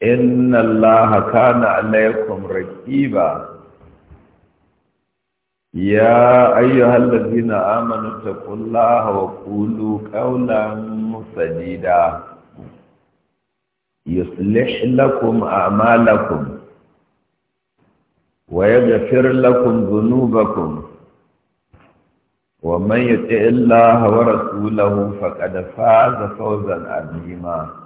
inna allaha kana alaikum raqiba ya ayyuhal ladina amanu taqullaha wa qulu qawlan sadida yuslih lakum a'malakum wa yaghfir lakum dhunubakum ومن يطع الله ورسوله فقد فاز فوزا عظيما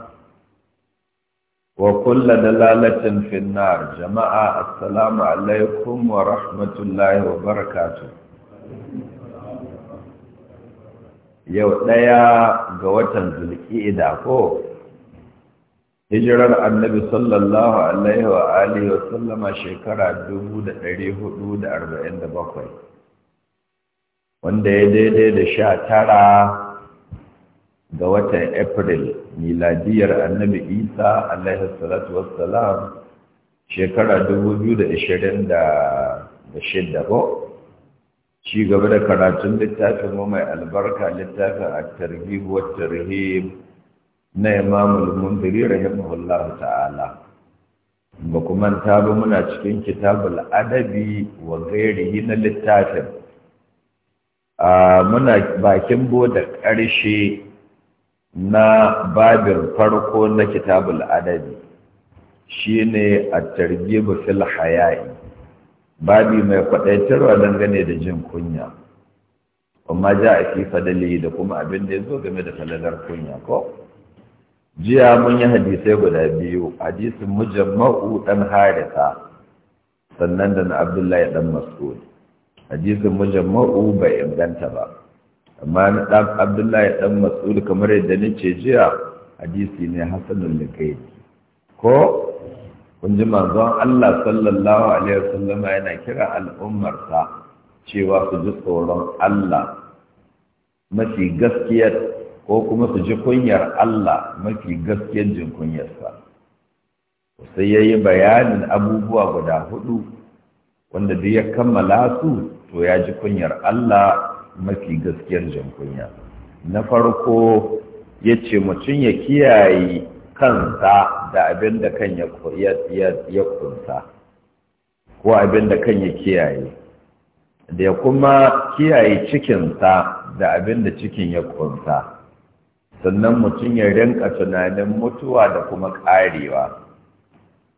wa kulla dalalatin finnar jama'a assalamu alaikum wa rahmatullahi wa barakatu yau ɗaya ga watan zulki'ida ko hijirar annabi sallallahu alaihi wa alihi wa sallama shekara 1447 wanda ya daidai da sha tara ga watan april miladiyar annabi isa alaihi salatu wassalam shekara 2026 ci gaba da karatun littafin mu mai albarka littafin at-targhib wa tarhib na imam al-mundiri rahimahullah ta'ala ba kuma ta ba muna cikin kitabul adabi wa ghairihi na littafin a ah, muna bakin boda ƙarshe na babin farko na kitabul adabi shine at-targhib fil haya'i babi mai kwadaitarwa dangane da jin kunya amma ja a fi fadali da kuma abin da yazo game da falalar kunya ko jiya mun yi hadisai guda biyu hadisin mujamma'u dan harisa sannan da na abdullahi dan mas'ud hadisin mujamma'u bai inganta ba amma na ɗan abdullahi ɗan mas'ud kamar yadda nace jiya hadisi ne hasanul likai ko kun ji manzon Allah sallallahu alaihi wasallama yana kira al'ummarsa cewa su ji tsoron Allah mafi gaskiyar ko kuma su ji kunyar Allah mafi gaskiyar jin kunyarsa sai ya yi bayanin abubuwa guda hudu wanda duk ya kammala su to ya ji kunyar Allah mafi gaskiyar jankunya na farko ya ce mutum ya kiyaye kansa da abin da kan ya kunsa ko abin da kan ya kiyaye da ya kuma kiyaye cikinsa da abin da cikin ya kunsa sannan mutum ya rinka tunanin mutuwa da kuma karewa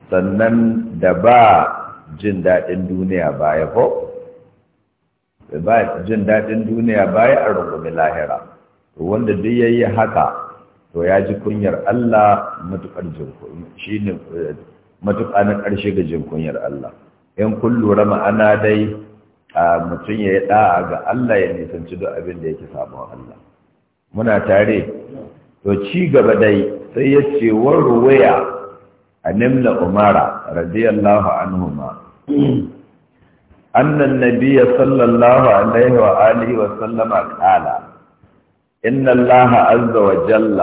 sannan da ba jin daɗin duniya ba ya ko ba jin daɗin duniya baya a rungumi lahira to wanda duk yayi haka to ya ji kunyar Allah jinkun matuƙa na ƙarshe ga jin kunyar Allah in kun lura ma'ana dai mutum ya yi ɗa'a ga Allah ya nisanci duk abin da yake sabo Allah muna tare to ci gaba dai sai ya ce a nimla umara radiyallahu anhu ma. أن النبي صلى الله عليه وآله وسلم قال إن الله عز وجل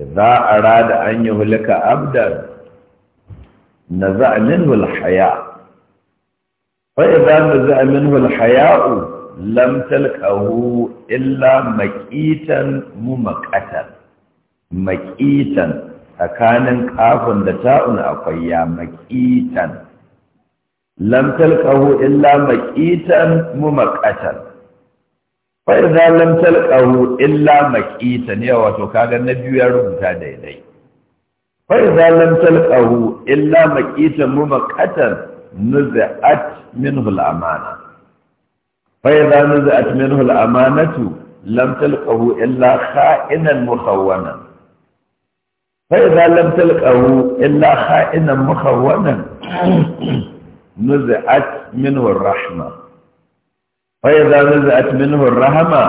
إذا أراد أن يهلك عبدا نزع منه الحياء فإذا نزع منه الحياء لم تلقه إلا مكيتا ممكتا مكيتا أكان كافن da أقيا مكيتا lam talqahu illa maqitan mumaqatan fa idza lam talqahu illa maqitan ya wato kaga na biyu ya rubuta daidai fa idza lam talqahu illa maqitan mumaqatan nuzi'at minhu al-amana فإذا نزعت منه الأمانة لم تلقه إلا خائنا مخونا فإذا لم تلقه إلا خائنا مخونا nuzi'at minhu rahma fa idza nuzi'at minhu rahma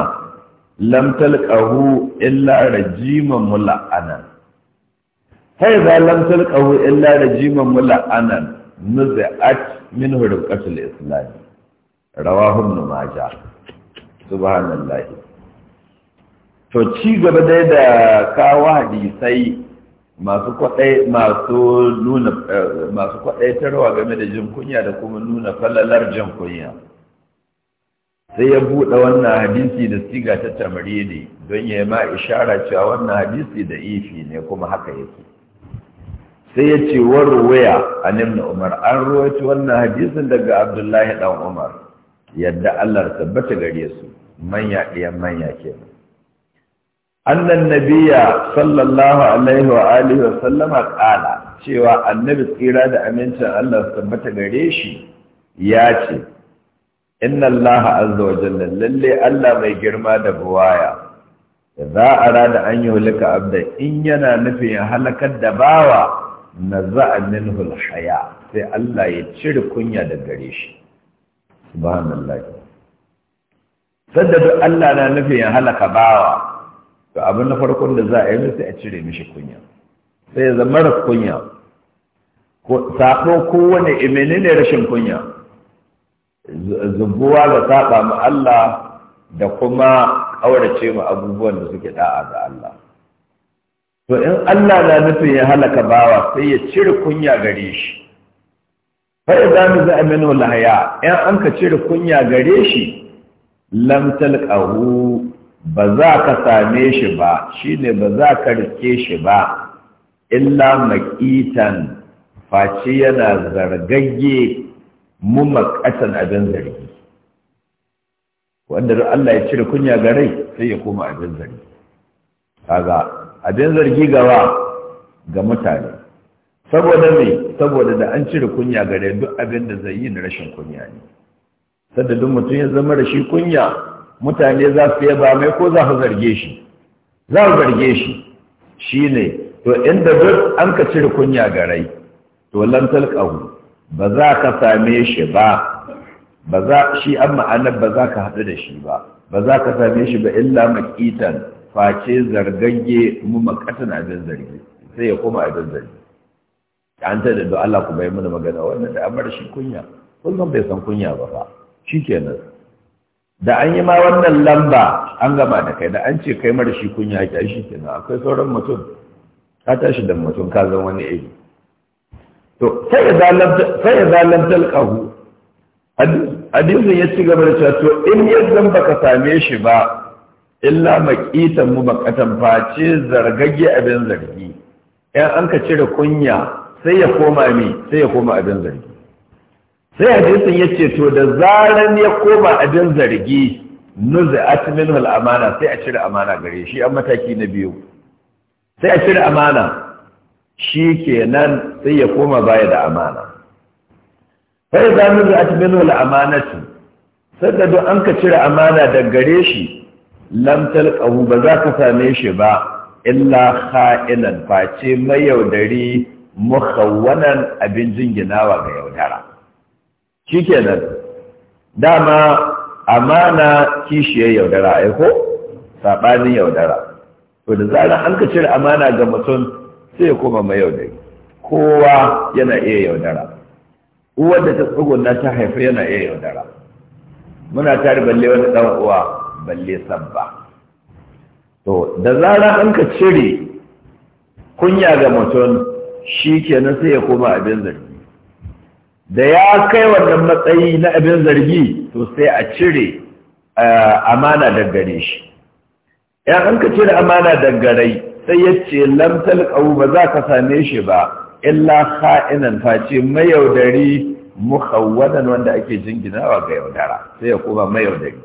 lam talqahu illa rajiman mula'anan fa idza lam talqahu illa rajiman mula'anan nuzi'at minhu rubqatul islam rawahu ibn majah subhanallahi to ci gaba dai da kawo hadisai masu kwaɗayi masu nuna eh, kwaɗaitarwa game da jin kunya da kuma nuna falalar jin kunya sai ya buɗe wannan hadisi da siga ta ne don ya yi ma ishara cewa wannan hadisi da ifi ne kuma haka yake sai ya ce warwaya a nimna umar an ruwaci wannan hadisin daga abdullahi ɗan umar yadda allah tabbata gare su manya ɗiyan manya kenan annan nabiya sallallahu alaihi wa wa sallama kala cewa annabi tsira da amincin Allah su tabbata gare shi ya ce inna Allah azza wa jalla lalle Allah mai girma da buwaya za a rada an yi hulika abda in yana nufin ya halakar da bawa na za'an minhul sai Allah ya cire kunya da gare shi subhanallah duk Allah na nufin ya halaka bawa to abin na farkon da za a yi sai a cire mishi kunya sai ya zama kunya saɓo kowane imini eh, ne rashin kunya zubuwa da saɓa ma Allah da kuma ƙaurace ma abubuwan da suke da'a ga Allah to in Allah na nufin ya halaka bawa sai ya cire kunya gare shi fa'i za mu za a minu lahaya ‘yan an ka cire kunya gare shi lamtal ƙahu ba za ka same shi ba shi ne ba za ka rike shi ba illa maƙitan face yana zargagge mu makatan abin zargi wanda Allah ya cire kunya ga rai sai ya koma abin zargi kaga abin zargi gawa ga mutane saboda me saboda da an cire kunya ga rai duk abin da zai yi na rashin kunya ne sadda duk mutum ya zama rashin kunya mutane za su yaba mai ko za su zarge shi za su zarge shi Shi ne, to inda duk an ka cire kunya garai to lan talqahu ba za ka same shi ba shi an ma'anar ba za ka haɗu da shi ba ba za ka same shi ba illa makitan face zargagge mu makatan abin zargi sai ya koma abin zargi an ta da Allah ku bai mana magana wannan da amar shi kunya kullum bai san kunya ba fa kenan. da an yi ma wannan lamba an gama da kai da an ce kai mara shi kunya ya shi kenan akwai sauran mutum ka tashi da mutum ka zan wani iri to sai ya zalam talqahu hadisin ya ci gaba da cewa to in ya zan baka same shi ba illa maqitan mu bakatan face zargage abin zargi in an ka cire kunya sai ya koma mi sai ya koma abin zargi sai hadisin ya ce to da zaran ya koma abin zargi nuzi atminul amana sai a cire amana gare shi an mataki na biyu sai a cire amana shi nan sai ya koma baya da amana sai za nuzi atminul amanatu sadda don an ka cire amana da gare shi lam talqahu ba za ka same shi ba illa kha'ilan face mai yaudari mukhawwanan abin jinginawa ga yaudara shikenan dama amana kishiyar yaudara aiko sabanin yaudara to da zarar an ka cire amana ga mutum sai ya koma mai yaudari kowa yana iya yaudara uwar da ta tsugunna ta haifa yana iya yaudara muna tare balle wani dan uwa balle sabba to da zarar an ka cire kunya ga mutum shi kenan sai ya koma abin zari da ya kai wannan matsayi na abin zargi to sai a cire amana da gare shi yan an ka cire amana da gare sai ya ce lamtal ƙau ba za ka same shi ba illa ka'inan face mayaudari muhawwadan wanda ake jinginawa ga yaudara sai ya koma mayaudari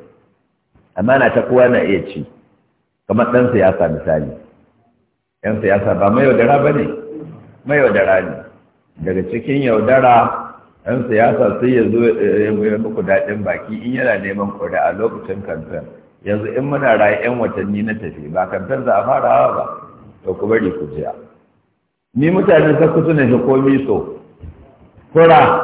amana ta kowa na iya ci kamar ɗan siyasa misali ɗan siyasa ba mayaudara ba ne mayaudara ne daga cikin yaudara ɗan siyasa sai ya zo ya muku daɗin baki in yana neman a lokacin kamfen yanzu in muna raye 'yan watanni na tafi ba kamfen za a hawa ba to ku bari ku jiya ni mutane ta kusa na ko so kura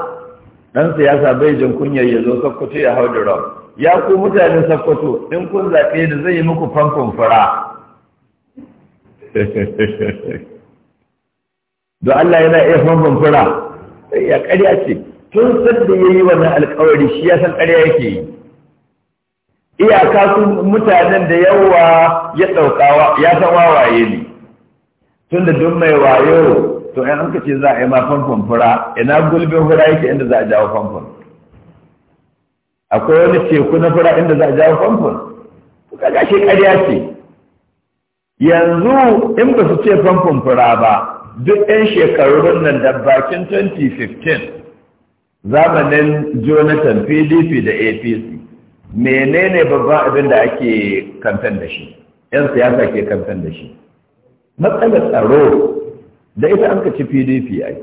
ɗan siyasa bai jin kunyar ya zo sakkwato ya hau da rau ya ku mutane sakkwato in kun zaɓe da zai yi muku fankon fura don Allah yana iya fankon fura ya ƙarya ce tun sadda ya yi wannan alkawari shi ya san ƙarya yake yi iyaka sun mutanen da yawa ya ɗaukawa ya san wawaye ne tun da duk mai wayo to ɗan an ce za a yi ma famfon fura ina gulbin fura yake inda za a jawo famfon akwai wani teku na fura inda za a jawo famfon kaga shi ƙarya ce yanzu in ba su ce famfon fura ba duk 'yan shekarun nan da bakin 2015 zamanin jonathan pdp da apc menene babban abin da ake kamfen da shi yan siyasa ke kamfen da shi matsalar tsaro da ita an kaci pdp ai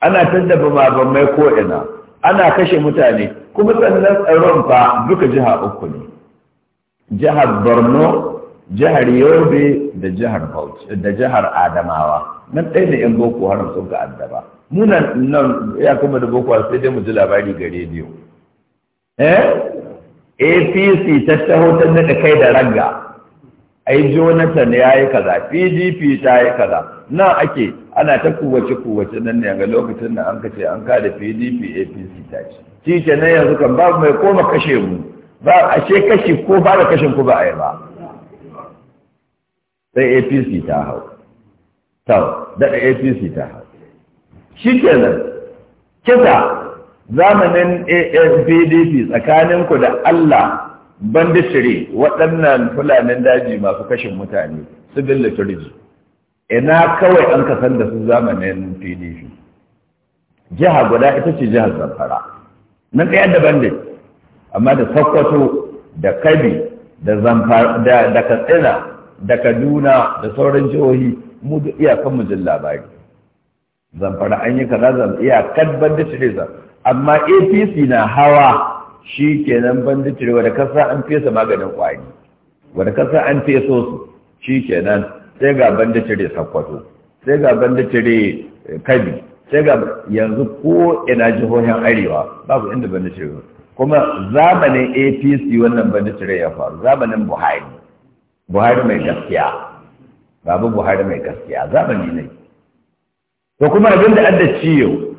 ana tattaba mabammai ko'ina ana kashe mutane kuma sannan tsaron fa duka jiha uku ne jihar borno jihar yobe da jihar bauchi da jihar adamawa nan ɗaya da yan boko haram sun ga addaba munan nan ya kuma da boko sai dai mu ji labari ga rediyo eh apc ta taho ta naɗa kai da ranga ai jonathan ya yi kaza pdp ta yi kaza nan ake ana ta kuwace kuwace nan ne ga lokacin da an kace an kada pdp apc ta ce shi ke nan yanzu kan babu mai koma kashe mu ba a ce kashe ko ba da kashin ku ba a yi ba sai apc ta hau tau daɗa apc ta hau shi ke nan, kisa zamanin AFPDP tsakaninku da Allah bandishiri waɗannan fulanin daji masu kashin mutane civil liturgy ina kawai an kasan da su zamanin PDP jiha guda ita ce jihar Zamfara na ɗaya daban ne amma da Sokoto da Kabi da Zamfara da Katsina da kaduna da sauran jihohi mu duk iyakan mu jin labari zamfara an yi kaza zan kan banditire zan amma apc na hawa shi kenan banditire wadda kasa an fesa maganin kwari wadda kasa an feso su shi kenan sai ga banditire sakwato sai ga banditire eh, kabi sai ga yanzu ko ina jihohin arewa babu inda banditire kuma zamanin apc wannan banditire ya faru zamanin buhari buhari mai gaskiya babu buhari mai gaskiya zamani ne to kuma abin da adda ciyo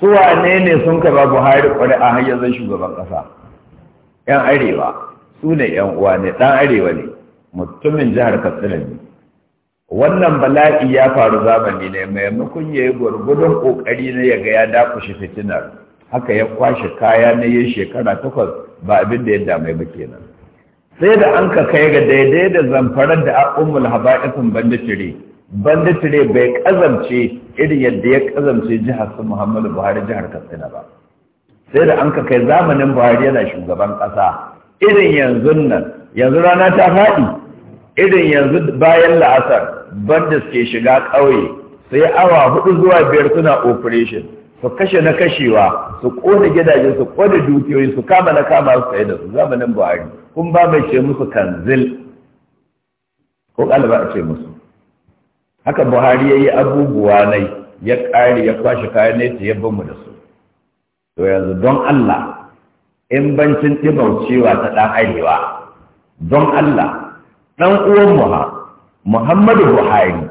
su ne ne sun kaba buhari ƙuri'a a yanzu shugaban ƙasa yan arewa su ne yan uwa ne ɗan arewa ne mutumin jihar katsina ne wannan bala'i ya faru zamani ne maimakon ya yi gwargwadon ƙoƙari na ya ga ya dakushe fitinar haka ya kwashe kaya na yin shekara takwas ba abin da ya damai ba kenan sai da an ka kai ga daidai da zamfarar da ummul haba'isin banda cire banda cire bai kazamce irin yadda ya kazamce jihar su muhammadu buhari jihar katsina ba sai da an ka kai zamanin buhari yana shugaban kasa irin yanzu nan yanzu rana ta faɗi irin yanzu bayan la'asar banda suke shiga ƙauye sai awa hudu zuwa biyar suna operation su kashe na kashewa su kone gidaje su kone dukiyoyi su kama na kama su sai da su zamanin buhari kun ba mai ce musu kanzil ko ɗaliba a ce musu haka buhari ya yi abubuwa nai ya ƙari ya kwashe kayan su ya mu da su to yanzu don allah in bancin ɗimaucewa ta ɗan arewa don allah ɗan uwan muhammadu buhari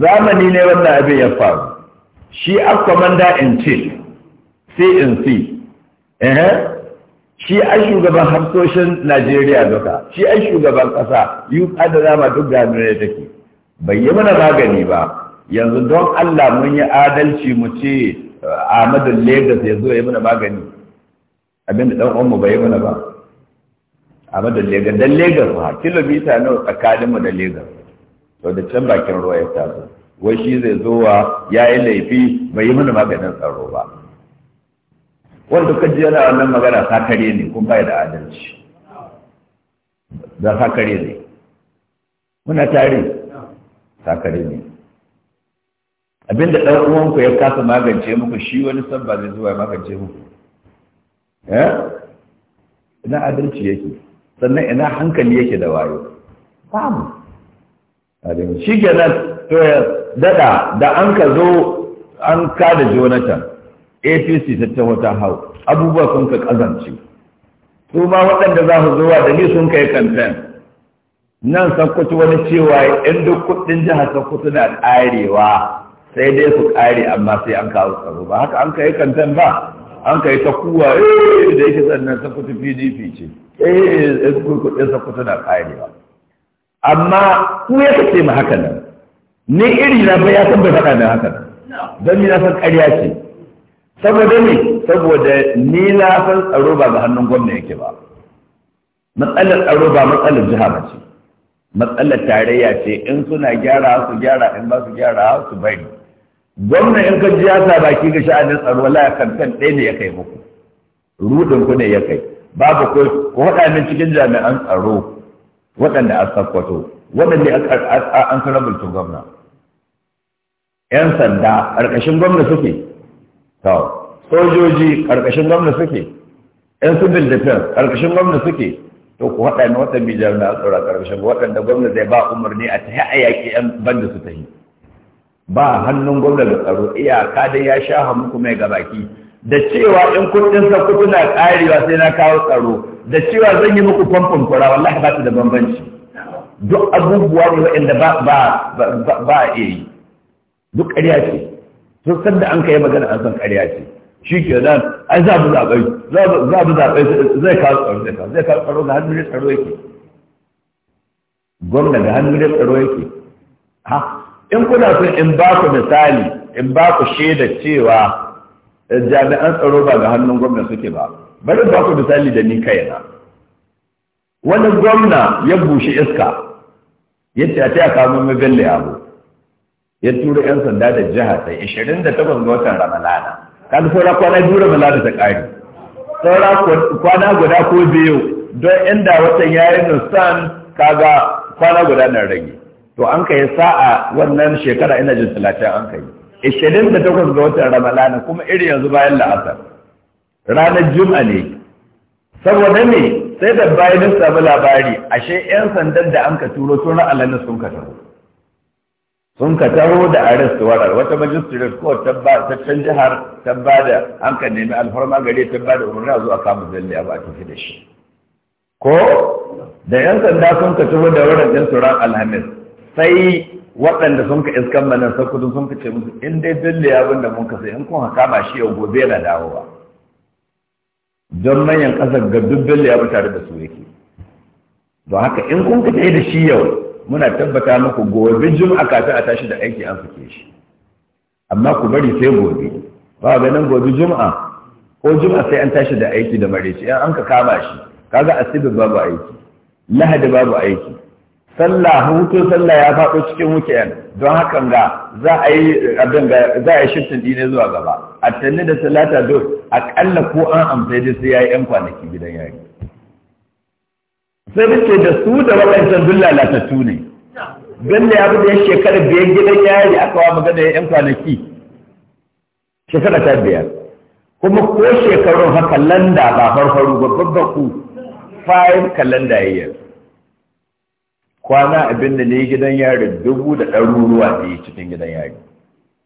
zamani ne wannan abin ya faru shi a commander in chief cnc eh shi a shugaban hamsoshin najeriya duka shi a shugaban kasa yi da ma duk gano take bai yi mana magani ba yanzu don allah mun yi adalci mu ce uh, ahmadu lagos ya zo ya mana magani abinda dan uwanmu bai yi mana ba ahmadu lagos dan lagos ha kilomita nawa tsakaninmu da lagos to da can bakin ruwa ya taso wai shi zai zo wa ya yi laifi bai yi mana maganin tsaro ba wanda ka ji yana wannan magana sakare ne kuma bai da adalci da sakare ne muna tare sakare ne abinda ɗan uwanku ya kasa magance muku shi wani sabba zai zuwa magance muku eh? ina adalci yake sannan ina hankali yake da wayo babu shi kenan to ya dada da an ka zo an kada jonathan apc ta ta ta hau abubuwa sun ka kazance su ma waɗanda za su zuwa da ni sun kai kamfen nan sakkwaci wani cewa yan duk kudin jihar sakkwaci na ƙarewa sai dai su ƙare amma sai an kawo tsaro ba haka an kai kamfen ba an kai ta kuwa eh da yake sannan sakkwaci pdp ce eh, eh, eh kuɗin sakkwaci na ƙarewa amma ku ya kace mu haka nan ni iri na fa ya san bai faɗa da haka don ni na san ƙarya ce saboda ne saboda ni na san tsaro ba ga hannun gwamna yake ba matsalar tsaro ba matsalar jiha ba ce matsalar tarayya ce in suna gyara su gyara in ba su gyara su bari gwamna in ka ji ya sa baki ga sha'anin tsaro la kamfen ɗaya ne ya kai muku rudin ku ne ya kai babu ko ku cikin jami'an tsaro waɗanda a sakkwato waɗanda an karabulta gwamna 'yan sanda ƙarƙashin gwamna suke to sojoji ƙarƙashin gwamna suke 'yan civil defense ƙarƙashin gwamna suke to ku haɗa waɗanda watan bi na tsora ƙarƙashin waɗanda gwamna zai ba umarni a ta haɗa yaƙi 'yan banda su ta yi ba hannun gwamna da tsaro iyaka dai ya sha muku mai gabaki da cewa in kuɗin sa kuɗi na ƙarewa sai na kawo tsaro da cewa zan yi muku famfon kura wallahi ba ta da bambanci duk abubuwa ne waɗanda ba ba a iya yi duk ƙarya ce sun san da an kai magana an san ƙarya ce shi ke nan ai za mu zaɓe za mu zaɓe zai kawo tsaro zai kawo zai kawo tsaro ga hannun tsaro yake gwamna ga hannun tsaro yake ha in kuna son in ba ku misali in ba ku shaida cewa eh, jami'an tsaro ba ga hannun gwamna suke ba bari ba ku misali da ni kaina wani gwamna ya bushe iska ya ce a ta kawo mai ya yabo ya tura yan sanda da jiha sai 28 ga watan ramadana kan saura kwana biyu ramadana ta ƙari saura kwana guda ko biyu don inda watan yayin nusan kaga kwana guda na rage to an kai sa'a wannan shekara ina jin talatin an kai 28 ga watan ramadana kuma irin yanzu bayan la'asar ranar juma'a ne saboda ne sai da bayan samu labari ashe 'yan sandan da an ka turo sun ra'alani sun ka taho sun ka taho da arrest warar wata majistirar ko ta can jihar ta ba da an ka nemi alfarma gare ta ba da umarna zuwa kamun zalle a ba a da shi ko da yan sanda sun ka taho da wurin ɗin turan alhamis sai waɗanda sun ka iskan manan sakudu sun ka ce musu in dai zalle ya bunda mun ka in kun kama shi yau gobe na dawowa don manyan ƙasar ga duk zalle ya tare da su yake don haka in kun ka da shi yau muna tabbata muku gobe juma'a kafin a tashi da aiki an fice shi amma ku bari sai gobe ba ganin gobe juma'a ko juma'a sai an tashi da aiki da mareci an ka kama shi kaga asibi babu aiki lahadi babu aiki sallah hutun sallah ya faɗo cikin weekend don hakan ga za a yi abin ga za a yi shiftin dine zuwa gaba a tanni da talata do akalla ko an amsa da sai yayi yan kwanaki gidan yari sai nake da su da waɗancan duk lalatattu ne Bello ya bude shekarar biyar gidan yari aka wa magana ya yan kwanaki shekara ta biyar kuma ko shekarun ha kalanda ba farfaru ba babba ku fayin kalanda yi kwana abin da ne gidan yari dubu da ɗaruruwa yi cikin gidan yari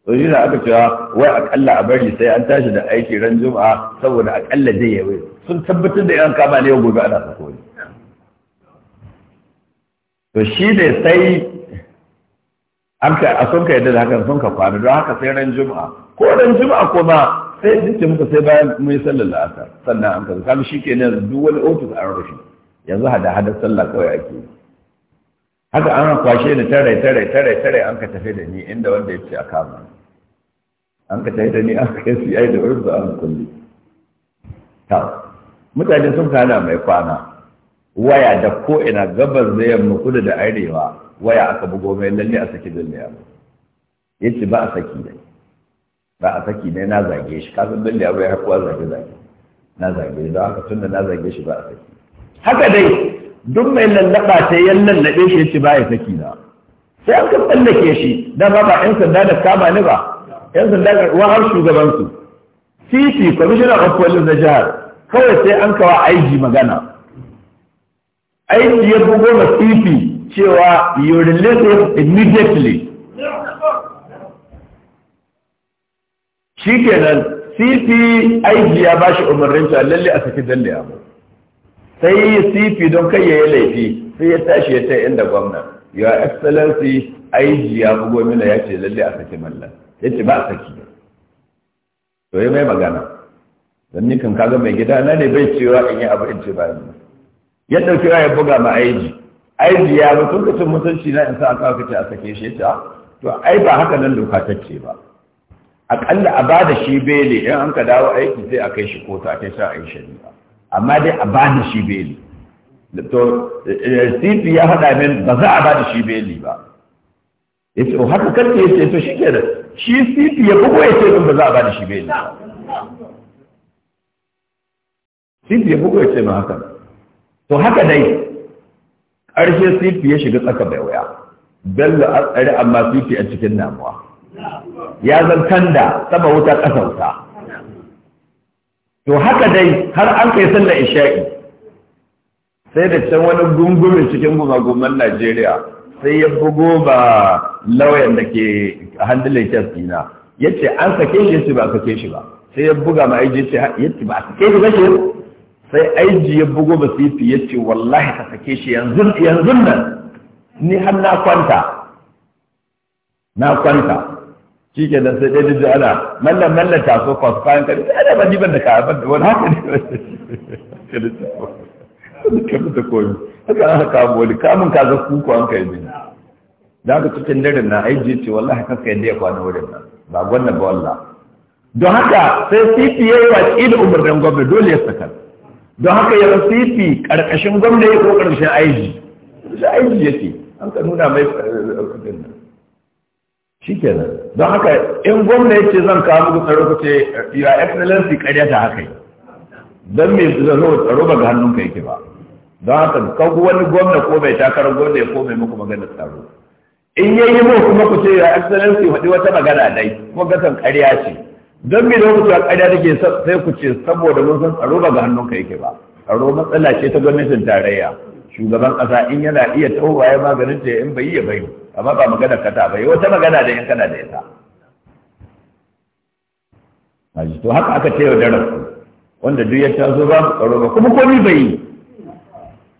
sojoji na aka cewa wai akalla a bari sai an tashi da aiki ran juma'a saboda akalla zai yawai sun tabbatar da yan kama ne yau gobe ana sako ne to shi ne sai an ka a sun ka yadda da hakan sun ka kwana don haka sai ran juma'a ko ran juma'a kuma sai jikin muka sai bayan mu yi sallar la'asa, sannan an kaza kaga shi ke yanzu duk wani ofis an rufe yanzu hada hada sallah kawai ake yi haka an kwashe ni tare tare tare tare an ka tafi da ni inda wanda ya ce a kama an ka tafi da ni an kai yi da wurin da an kulle ta mutane sun kana mai kwana waya da ko ina gabas da yamma kudu da arewa waya aka bugo mai lalle a saki lalle abu yace ba a saki ne ba a saki ne na zage shi kasan lalle abu ya kuwa zage zage na zage da haka tunda na zage shi ba a saki haka dai duk mai lallaba ta yan lallabe shi yace ba ya saki na sai an ka tsallake shi da ba ba yan sanda da kama ni ba yan sanda da uwa har shugabansu titi commissioner of police na jihar kawai sai an kawa aiji magana aiki ya bugo masifi cewa you release it immediately shi kenan cp aiki ya bashi umarnin cewa lalle a saki dalle abu sai yi cp don kai ya laifi sai ya tashi ya ta inda gwamna your excellency aiki ya bugo mina ya ce lalle a saki mallan ya ce ba a saki to yi mai magana don nikan kaga mai gida na ne bai cewa in yi abu in ce ba ni ya ɗauki ya buga ma aiji aiji ya zo tun kacin mutunci na in sa aka kace a sake shi ta ah, to ai ba haka nan doka tacce ba aƙalla a ba da shi beli in an ka dawo aiki sai a kai shi kota a kai sa a yi shari'a amma dai a ba da shi beli to eh, cp ya faɗa min ba za a ba da shi beli ba ya ce oh, haka karfe ya ce to shi ke da shi cp ya bugu ya ce ba za a ba da shi beli ba cp ya bugu ya ce ma haka to haka dai ƙarshe sifi ya shiga tsaka bai wuya bello a tsari amma sifi a cikin namuwa ya zartan da sama wuta ƙasa wuta to haka dai har an kai da isha'i sai da can wani gungumin cikin gumaguman najeriya sai ya bugo ba lauyan da ke handilin kyas dina yace an sake shi ba sake shi ba sai ya buga ma aiji ce ya ce ba sake shi ba shi sai aiji ya bugo basifi ya ce wallahi ka sake shi yanzu yanzu nan ni har na kwanta na kwanta shi ke nan sai ɗaya jiji ana mallan mallan taso kwasu kayan kari sai ana ban jiban da ka ban da wani haka ne ka da taso ka da koyo haka aka kamo wani kamun ka ku kuku an kai bin da haka cikin daren na aiji ce wallahi kan ka yadda ya kwana wurin nan ba gwanna ba wallah don haka sai cpa wa ƙi da umarnin gwamnati dole ya saka don haka ya fi ƙarƙashin gwamna ya ko karshen aiji da aiji ce. an ka nuna mai ƙarƙashin eh, nan shi nan. don haka in gwamna ya ce zan kawo muku tsaro ku ce ya excellency ƙarya ta haka yi don me zaro tsaro ba ga hannunka yake ba don haka kawo wani gwamna ko mai takarar gwamna ya kome muku maganar tsaro in yayi mu kuma ku ce ya excellency faɗi wata magana dai kuma gasan ƙarya ce don bi da wani cewa ƙarya take sai ku ce saboda mun san tsaro ba ga hannunka yake ba tsaro matsala ce ta gwamnatin tarayya shugaban ƙasa in yana iya tauwa ya maganin ta in bai ya bai amma ba magana kata ba yi wata magana da in kana da ita Maji to haka aka ce wa darasu wanda duk ya taso ba mu tsaro ba kuma komai bai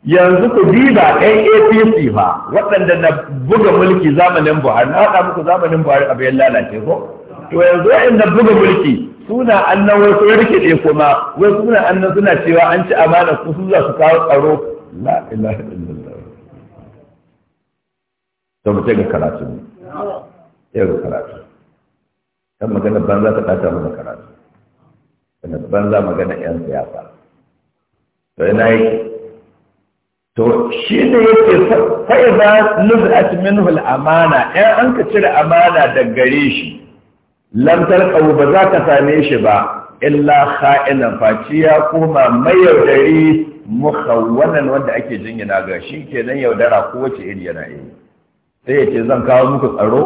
yi yanzu ku diba APC ba, waɗanda na buga mulki zamanin Buhari na haɗa muku zamanin Buhari abu ya lalace ko to yanzu wa'annan buga mulki suna annan wasu sun rikide kuma wai suna annan suna cewa an ci amana ku su za su kawo tsaro la ilaha illallah to mu ga karatu ne yau karatu kan magana banza ta bata mana karatu kana banza magana yan siyasa to ina yake to shi ne yake fa'iza nuzat minhu al-amana in an ka cire amana daga gare shi lam tarqahu ba za ka same shi ba illa kha'ilan faci ya koma mai yaudari mukhawwanan wanda ake jingina ga shi kenan yaudara ko wace iri yana yi sai ya ce zan kawo muku tsaro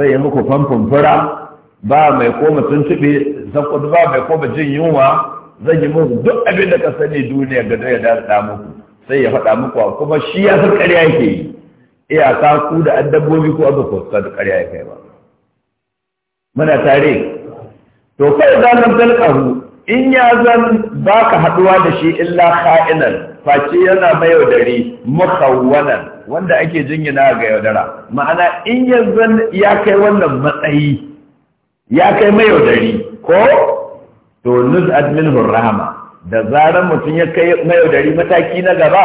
zai yi muku famfon fura ba mai koma tuntube zakwadu ba mai koma jin yunwa zan yi muku duk abin da ka sani duniya ga ya da muku sai ya faɗa muku kuma shi ya san ƙarya yake yi iyaka ku da an ko abu ko su ƙarya ya kai ba muna tare to kai zalim talqahu in ya zan baka haduwa da shi illa kha'inan face yana mai yaudari wanda ake jingina ga yaudara ma'ana in ya zan ya kai wannan matsayi ya kai mai yaudari ko to nuz admin hurrahama, da zaran mutum ya kai mai yaudari mataki na gaba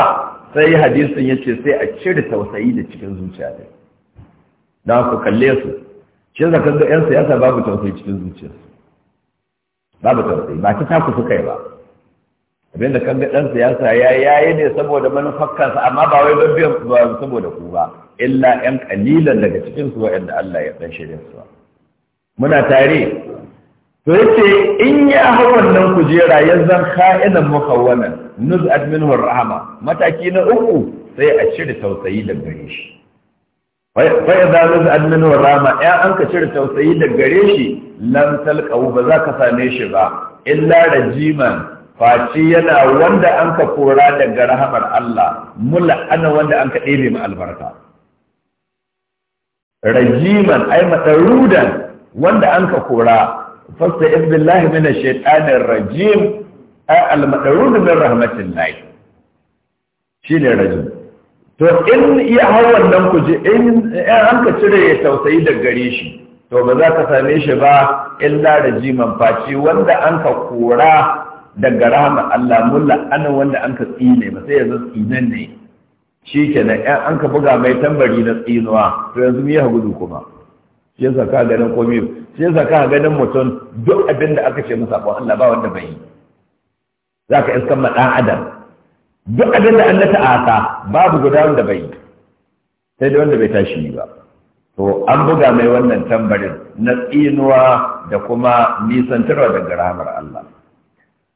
sai hadisin yace sai a cire tausayi da cikin zuciya dai dan ku kalle su shi da kaga yan siyasa babu tausayi cikin zuciyarsu babu tausayi ba ta taku suka yi ba abin da kaga dan siyasa ya yayi ne saboda manufarkansa amma ba wai don biyan ba saboda ku ba illa yan kalilan daga cikin su wa'anda Allah ya dan shirye su muna tare to yace in ya hau wannan kujera ya zan kha'inan muhawwanan nuz adminhu rahama mataki na uku sai a cire tausayi daga gare shi za idza nuz'an minhu rama ya an ka cire tausayi da gare shi lam talqahu ba za ka same shi ba illa rajiman faci yana wanda an ka kora daga rahamar Allah mula'ana wanda an ka ɗebe ma albarka rajiman ai matsarudan wanda an ka kora fasta izbillahi mina shaitanin rajim ai almadarud min rahmatin lahi shi ne rajim to in ya hau wannan kuje in an ka cire ya tausayi da gare shi to ba za ka same shi ba illa da jiman faci wanda an ka kora daga rahama Allah mulla ana wanda an ka tsine ba sai yanzu tsinan ne shi na, in an ka buga mai tambari na tsinuwa to yanzu mu yi hagudu kuma shi yasa ka ganin komi shi yasa ka ganin mutum duk abin da aka ce masa ba Allah ba wanda bai yi za ka iskan ma ɗan adam duk abin da Allah ta aka babu guda wanda bai sai da wanda bai tashi ba to an buga mai wannan tambarin na tsinuwa da kuma nisantarwa daga ramar Allah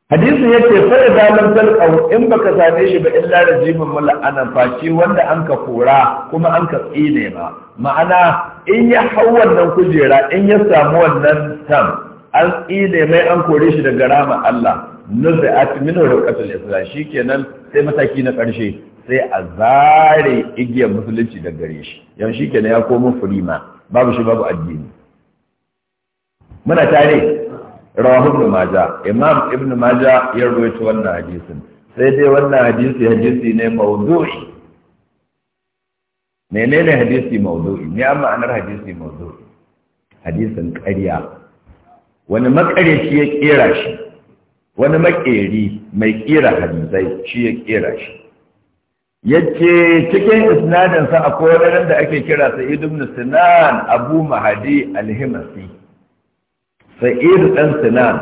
hadisin yace fa idza lam talqahu in baka same shi ba illa rajimun mul'anan faci wanda an ka kora kuma an ka tsine ba ma'ana in ya hau wannan kujera in ya samu wannan tam an tsine mai an kore shi daga rama Allah nuzi'at min ruqatul islam shikenan sai mataki na karshe sai a zare igiyar musulunci da gare shi yan shikenan ya komo furima babu shi babu addini muna tare rawahu ibn majah imam ibn majah ya rawaito wannan hadisin sai dai wannan hadisi hadisi ne mawdu'i menene hadisi mawdu'i ne amma anar hadisi mawdu'i hadisin ƙarya wani makareci ya kera shi wani makeri mai kira hadisai shi ya kera shi yace cikin isnadin sa akwai wani da ake kira Sa'id ibn Sinan Abu Mahdi al-Himasi Sa'id Sinan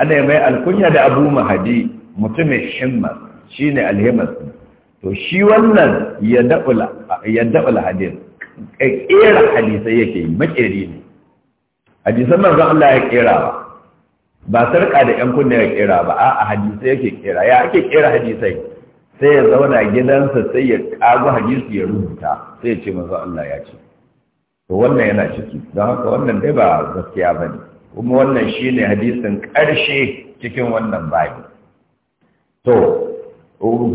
ana mai alkunya da Abu Mahdi mutumin Himmas shine al-Himasi to shi wannan ya da'ul hadis kera hadisai yake yi makeri ne hadisan manzon Allah ya kera ba sarka da yan kunne ya kera ba a hadisai yake kera ya ake kera hadisai sai ya zauna gidansa sai ya kago hadisi ya rubuta sai ya ce manzo Allah ya ce to wannan yana ciki don haka wannan dai ba gaskiya bane kuma wannan shine hadisin karshe cikin wannan babi to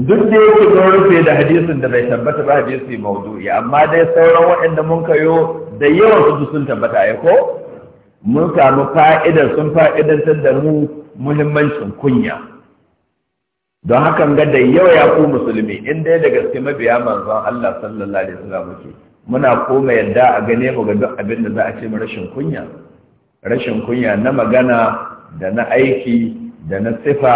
duk da yake don rufe da hadisin da bai tabbata ba hadisi maudu'i amma dai sauran waɗanda mun kayo da yawan su sun tabbata ai ko mun samu fa'idar sun fa'idantar da mu muhimmancin kunya don hakan ga yau ya ku musulmi in dai da gaske mabiya manzon Allah sallallahu alaihi wasallam muke muna koma yadda a gane mu ga duk abin da za a ce mu rashin kunya rashin kunya na magana da na aiki da na sifa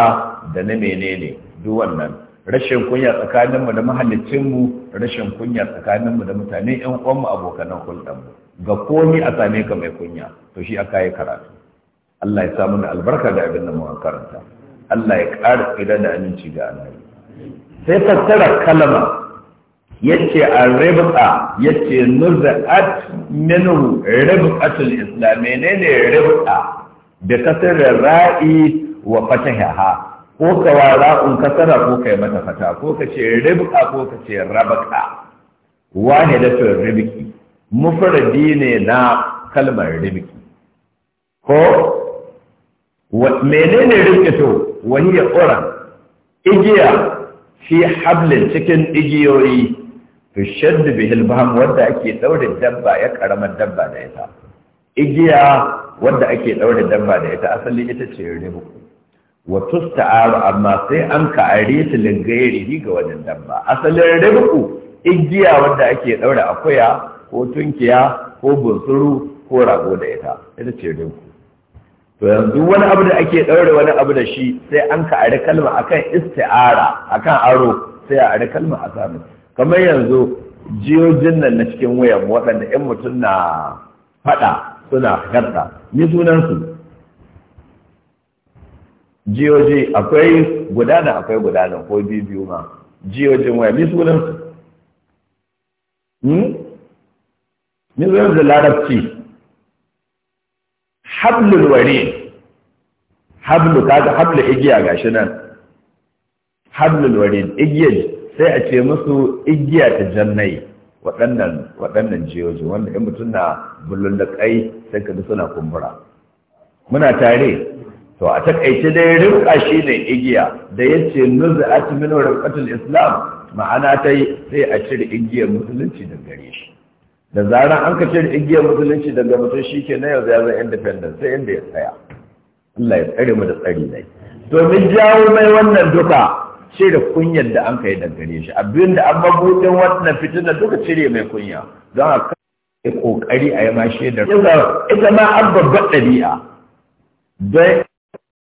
da na menene duk wannan rashin kunya tsakaninmu da mahallicinmu rashin kunya tsakaninmu da mutane 'yan uwanmu abokanan hulɗarmu ga komi a same ka mai kunya to shi aka yi karatu Allah ya samu da albarka da abin da muka karanta Allah ya ƙara idan da aminci ga annabi sai fassara kalama yace ar yace nuzat minhu ribqatul islam menene ribqa da kasar ra'i wa fataha ko ka ra'un kasara ko kai mata fata ko ka ce ribqa ko ka ce rabqa wahidatul ribqi mufradi ne na kalmar ribki ko menene ribki to wani ya ƙura igiya fi hablin cikin igiyoyi to shaddu bihil baham wanda ake daure dabba ya karamar dabba da ita igiya wanda ake daure dabba da ita asali ita ce ribki wa tusta'aru amma sai an ka arisu lingayi ga wajen dabba asalin ribku igiya wanda ake daure akuya ko tunkiya ko bunsuru ko rago da ita ita ce rinku to yanzu wani abu da ake ɗaure wani abu da shi sai an ka ari kalma akan isti'ara akan aro sai a ari kalma a samu kamar yanzu jiyojin nan na cikin wayan waɗanda 'yan mutum na faɗa suna karta ni sunansu jiyoji akwai gudana akwai gudana ko biyu ma jiyojin waya ni sunansu hmm? min zo da larabci hablul wari hablu hablu igiya gashi nan hablul wari igiya sai a ce musu igiya ta jannai waɗannan waɗannan jiyoji wanda in mutum na bullun da kai sai ka suna kumbura muna tare to a takaice dai rinka shi ne igiya da ya ce nuzu a cimin rinkatul islam ma'ana ta yi sai a cire igiyar musulunci da gare shi da zaran an ka cire igiyar musulunci daga mutum shi ke na yanzu ya zai independent sai inda ya tsaya Allah ya tsare mu da tsari yi to mun jawo mai wannan duka cire kunyar da an yi dangane shi abin da an mabudin wannan fitina duka cire mai kunya don a kai kokari a yi ma da ita ma an babbar ɗabi'a don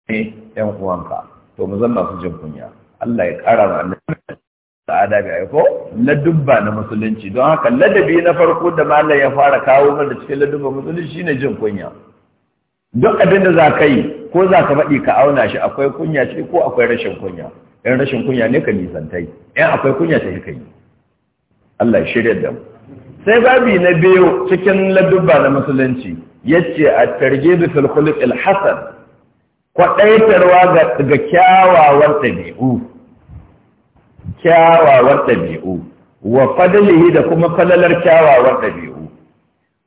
ne ‘yan uwanka to mu zan masu jin kunya Allah ya ƙara ma annabi sa'ada ga aiko laduba na musulunci don haka ladabi na farko da malam ya fara kawo mana da cikin ladubba musulunci shine jin kunya duk abin da za ka yi ko za ka faɗi ka auna shi akwai kunya ce ko akwai rashin kunya in rashin kunya ne ka nisantai Yan akwai kunya ta ka yi Allah shirya da mu sai babi na biyu cikin ladubba na musulunci yace a targe fil khuluq al hasan kwadaitarwa ga kyawawan ɗabi'u kyawawan ɗabi'u wa fadalihi da kuma falalar kyawawan ɗabi'u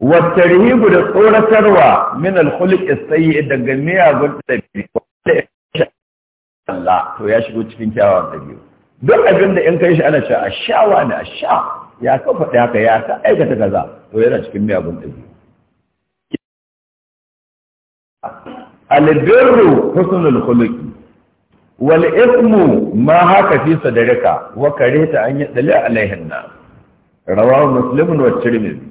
wa tarhibu da tsoratarwa min alkhuluq as-sayyi daga miyagun ɗabi'u Allah to ya shigo cikin kyawawar ɗabi'u duk abin da in kai shi ana cewa ashawa ne asha ya ka faɗi haka ya ka aikata kaza to yana cikin miyagun ɗabi'u al-birru husnul khuluqi wal ismu ma haka fi sadarika wa ta an yadali alaihin na rawahu musulmin wa tirmidhi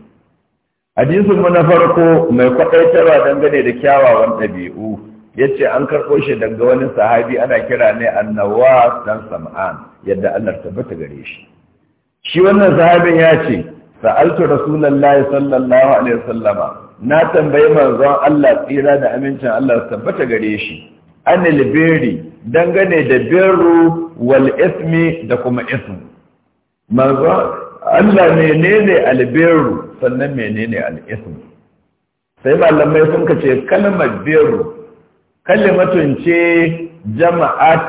hadisin mu na farko mai tara dangane da kyawawan ɗabi'u yace an karɓo shi daga wani sahabi ana kira ne annawa dan sam'an yadda Allah tabbata gare shi shi wannan sahabin ya ce sa'altu rasulullahi sallallahu alaihi wasallama na tambayi manzon Allah tsira da amincin Allah tabbata gare shi anil beri dangane da birru wal ismi da kuma ismu manzo Allah menene albirru sannan menene al ism sai malamai sun kace kalmar birru kalimatun ce jama'at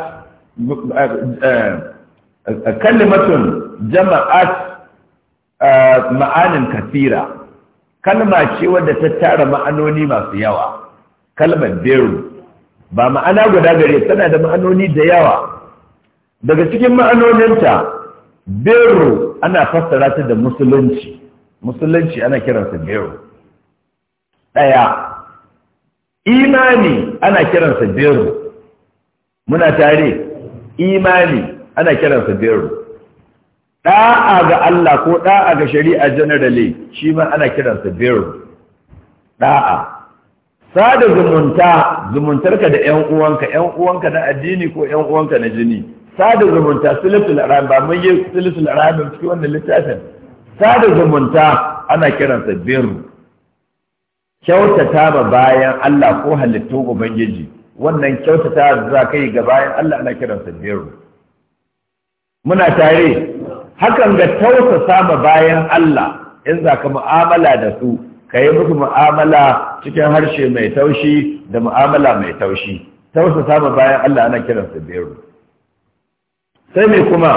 eh, kalimatun jama'at eh, ma'anin kafira. kalma ce wadda ta tara ma'anoni masu yawa kalmar birru ba ma'ana guda gare tana da ma'anoni da yawa daga cikin ma'anoninta biru ana fassara ta da musulunci musulunci ana kiransa birru ɗaya imani ana kiransa biru muna tare imani ana kiransa biru ɗa'a ga Allah ko ɗa'a ga shari'a generally shi ma ana kiransa biru ɗa'a sada zumunta zumuntarka da ƴan uwanka ƴan uwanka na addini ko ƴan uwanka na jini sada zumunta sulusul aram ba mun yi sulusul arham cikin wannan littafin sada zumunta ana kiransa beru kyautata ma bayan Allah ko halittu ubangiji wannan kyautata za kai ga bayan Allah ana kiransa birru muna tare hakan ga tausasa ma bayan Allah in za ka mu'amala da su kai musu mu'amala cikin harshe mai taushi da mu'amala mai taushi tausa samu bayan Allah ana kiransa beru sai mai kuma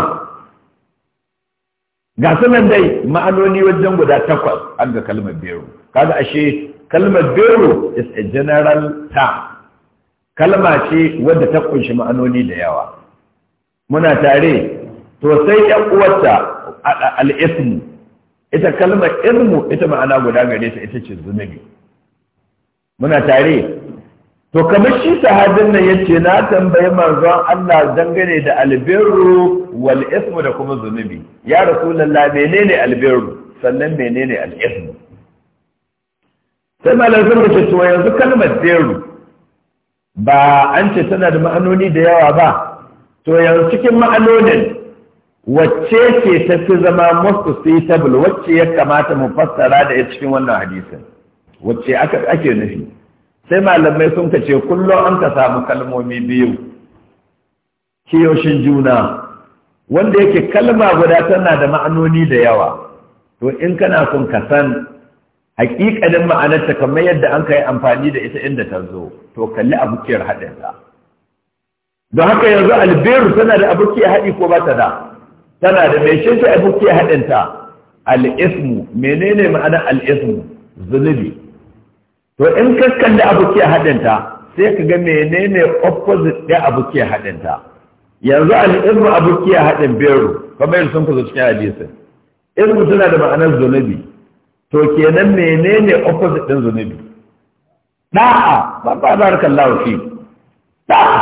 ga sanan dai ma'anoni wajen guda takwas an ga kalmar beru kaga ashe kalmar beru is a general term kalma ce wadda ta kunshi ma'anoni da yawa muna tare to sai yan uwarta al-ismu ita kalmar ilmu ita ma'ana guda gare ta ita ce zunubi muna tare to kamar shi sahabin nan yace na tambayi manzon Allah dangane da albirru wal ismu da kuma zunubi ya rasulullah menene albirru sannan menene al ismu sai malam sun ce to yanzu kalmar birru ba an ce tana da ma'anoni da yawa ba to yanzu cikin ma'anonin wacce ce tafi zama most suitable wacce ya kamata mu fassara da cikin wannan hadisin wacce aka ake nufi sai malamai sun ka ce kullum an ka samu kalmomi biyu kiyoshin juna wanda yake kalma guda tana da ma'anoni da yawa to in kana son ka san haƙiƙanin ma'anarta kamar yadda an ka yi amfani da ita inda ta zo to kalli haɗin haɗinta don haka yanzu alberu tana da abokiyar haɗi ko ba ta da tana da mai shi haɗin haɗinta al'ismu menene ma'anar al'ismu zunubi to in kaskan da abu ke haɗinta sai ka ga menene opposite da abu ke haɗinta yanzu al'ilmu abu ke haɗin beru kamar yadda sun kusa cikin hadisin ilmu tana da ma'anar zunubi to kenan menene opposite ɗin zunubi da'a ba ba ba harkar lawa fi da'a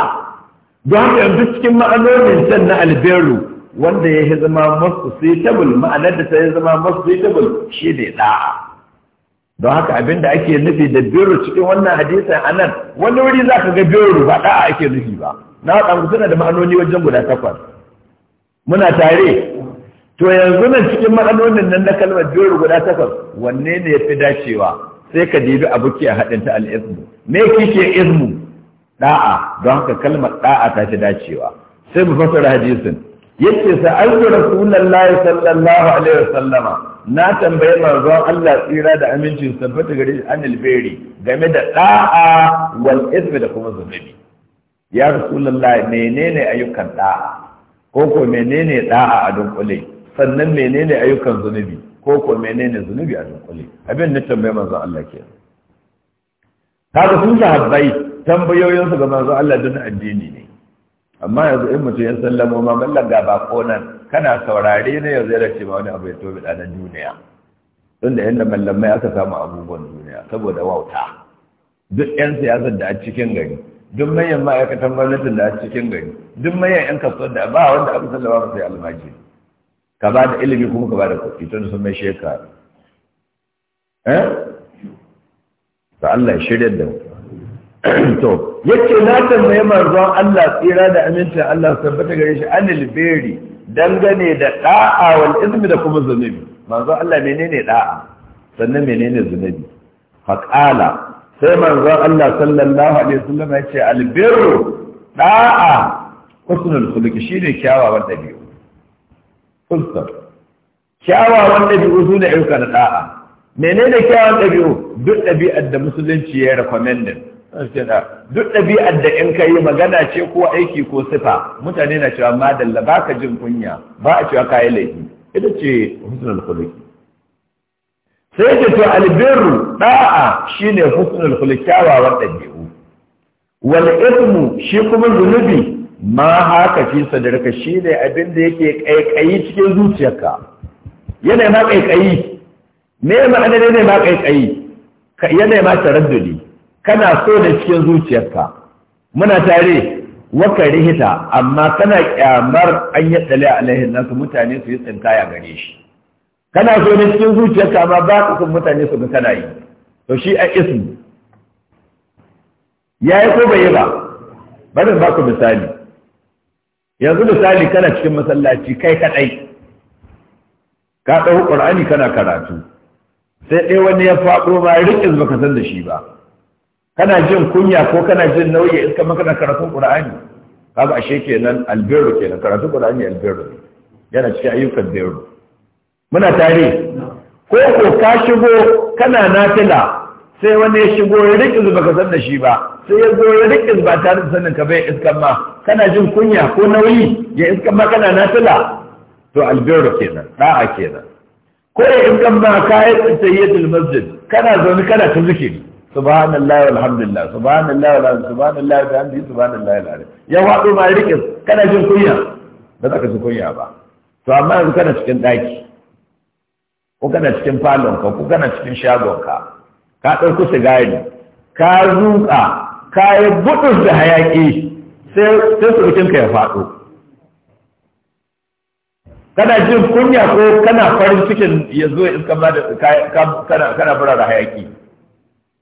don haka yanzu cikin ma'anonin can na alberu wanda ya zama masu suitable ma'anar da ta yi zama masu suitable shi ne da'a don haka abin da ake nufi da biro cikin wannan hadisin a nan wani wuri za ka ga biru ba ɗa'a ake nufi ba na ɗan suna da ma'anoni wajen guda takwas muna tare to yanzu nan cikin ma'anonin nan na kalmar biru guda takwas wanne ne ya fi dacewa sai ka dibi abu a haɗin ta al'izmu me kike izmu ɗa'a don haka kalmar ɗa'a ta fi dacewa sai mu fassara hadisin yace sa'altu rasulullahi sallallahu alaihi wasallama na tambayi manzon Allah tsira da amincin sabbata gare shi an beri game da da'a wal ismi da kuma zunubi ya rasulullah menene ayyukan da'a ko ko menene da'a a dunkule sannan menene ayyukan zunubi ko ko menene zunubi a dunkule abin da tambayi manzon Allah ke da sun sahabbai tambayoyinsu ga manzon Allah don addini ne amma yanzu in mutum ya sallamo ma mallan ga bako nan kana saurare ne yanzu yana ce ma wani abu ya tobe da duniya don da yanda mallamai aka samu abubuwan duniya saboda wauta duk yan siyasar da a cikin gari duk manyan ma'aikatan gwamnatin da a cikin gari duk manyan yan kaso da ba wanda aka sallama ba sai almaji ka ba da ilimi kuma ka ba da kuɗi tun sun mai shekaru eh ta Allah ya shirya da mu to yace na tambaye manzon Allah tsira da amincin Allah tabbata gare shi anil beri dangane da da'a wal izmi da kuma zunubi manzon Allah menene da'a sannan menene zunubi faqala sai manzon Allah sallallahu alaihi wasallam yace al birru da'a husnul khuluq shine kyawawan dabi'u fusta kyawawan dabi'u sune ayyuka da da'a menene kyawawan dabi'u duk dabi'ar da musulunci ya recommend duk ɗabi'ar da in ka yi magana ce ko aiki ko sifa mutane na cewa madalla ba ka jin kunya ba a cewa kayi laifi ita ce husnul khuluqi sai ce to albirru da'a shine husnul khuluqi kyawawan ɗabi'u wal ismu shi kuma zunubi ma haka fi sadarka shine abin da yake kaikayi cikin zuciyarka yana ma kaikayi me ma'anar ne ma kaikayi yana ma taraddudi kana so da cikin zuciyarka muna tare waka rihita amma kana kyamar an yi tsale lahin nasu mutane su yi tsinkaya gare shi kana so da cikin zuciyarka amma ba ka son mutane su ga kana yi to shi a ismu ya yi ko bai yi ba bari ba ku misali yanzu misali kana cikin masallaci kai kadai ka ɗau ƙur'ani kana karatu sai ɗaya wani ya faɗo ma rikin baka san da shi ba kana jin kunya ko kana jin nauyi in kama kana karatun qur'ani kaga ashe kenan albirru kenan karatun qur'ani albirru yana cikin ayyukan birru muna tare ko ko ka shigo kana nafila sai wani ya shigo ya zuba ka san da shi ba sai ya zo ya riƙi ba tare da sanin ka bai iskan ma kana jin kunya ko nauyi ya iskan ma kana nafila to albirru kenan da'a kenan ko ya iskan ma ka kayan tsayyatul masjid kana zaune kana ta zikiri subhanallahi walhamdulillah subhanallahi walhamdulillah subhanallahi walhamdulillah subhanallahi walhamdulillah ya wado ma rike kana jin kunya ba za ka ji kunya ba to amma yanzu kana cikin daki ko kana cikin falon ka ko kana cikin shagon ka ka dauko sigari ka zuka ka yi budus da hayaki sai sai surukin ka ya fado kana jin kunya ko kana farin cikin ya zo iska ma da kana kana fara hayaki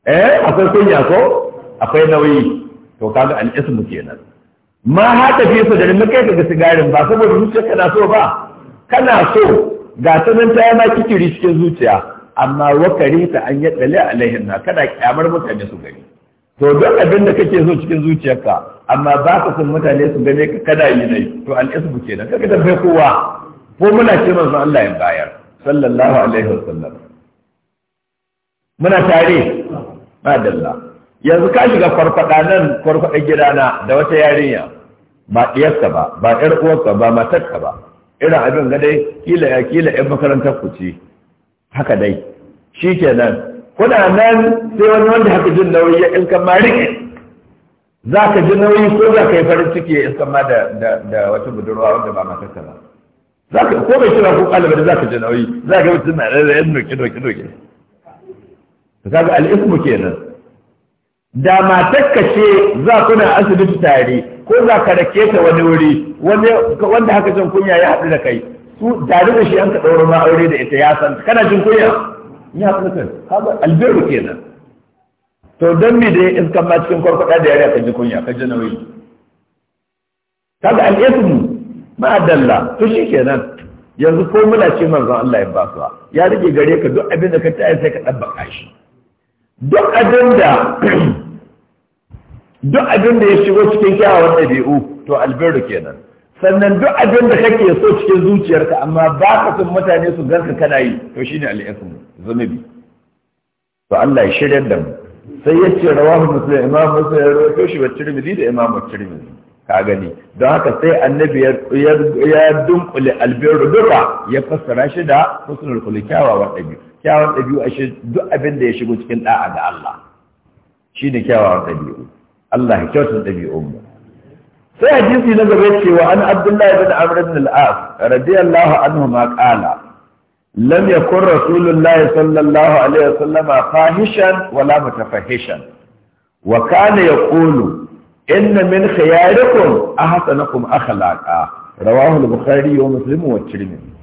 eh akwai kunya ko akwai nauyi to kaga al'ismu kenan ma ta fi su da ni kai ga sigarin ba saboda zuciya kana so ba kana so ga ta nan ta ma kikiri cikin zuciya amma wakari ta an yadda la alaihi na kana kyamar mutane su gani to don abin da kake so cikin zuciyarka amma ba ka son mutane su gane ka kada yi nai to al'ismu kenan kaga da bai kowa ko muna ce manzo Allah ya bayar sallallahu alaihi wasallam muna tare adalla yanzu ka shiga farfada nan farfada gidana da wata yarinya ba diyarka ba ba yar uwarka ba matarka ba irin abin ga dai kila ya kila yan makarantar ku ce haka dai shikenan kuna nan sai wani wanda haka jin nauyi ya in kan marike za ka ji nauyi ko za ka yi farin ciki ya iska ma da wata budurwa wanda ba matarka ba za ka ko bai kira ko kalaba da za ka ji nauyi za ka yi mutum na da yan doke doke doke kaga al'ismu kenan da matakka ce za kuna asibiti tare ko za ka rake ta wani wuri wanda haka jin kunya ya haɗu da kai su tare da shi an ka ɗaura ma aure da ita ya san kana jin kunya ya haɗu da kai kaga albiru kenan to don me da ya iskan ma cikin kwarkwada da yare ka ji kunya ka ji nauyi kaga al'ismu ma'adalla to shi kenan yanzu ko muna ce manzon Allah ya ba su ya rage gare ka duk abin da ka tayar sai ka ɗabbaka shi duk abinda duk abinda ya shigo cikin kyawawan ɗabi'u to albiru kenan sannan duk abinda kake so cikin zuciyarka amma ba ka son mutane su ganka kana yi to shine al'ism zunubi to Allah ya shirya da mu sai ya ce rawahu muslim imam muslim ya rawaito shi wa tirmidhi da imam tirmidhi ka gani don haka sai annabi ya dunkule albiru duka ya fassara shi da husnul khuluqi wa ɗabi'u kyawun ɗabi'u shi duk abin da ya shigo cikin ɗa'a da Allah shi ne kyawawan ɗabi'u Allah ya kyautar ɗabi'un mu sai jinsi na gaba cewa an Abdullahi bin Amr ibn radiyallahu anhu ma qala lam yakun rasulullahi sallallahu alaihi wasallama fahishan wala mutafahishan wa kana yaqulu inna min khiyarikum ahsanakum akhlaqa rawahu al-bukhari wa muslim wa tirmidhi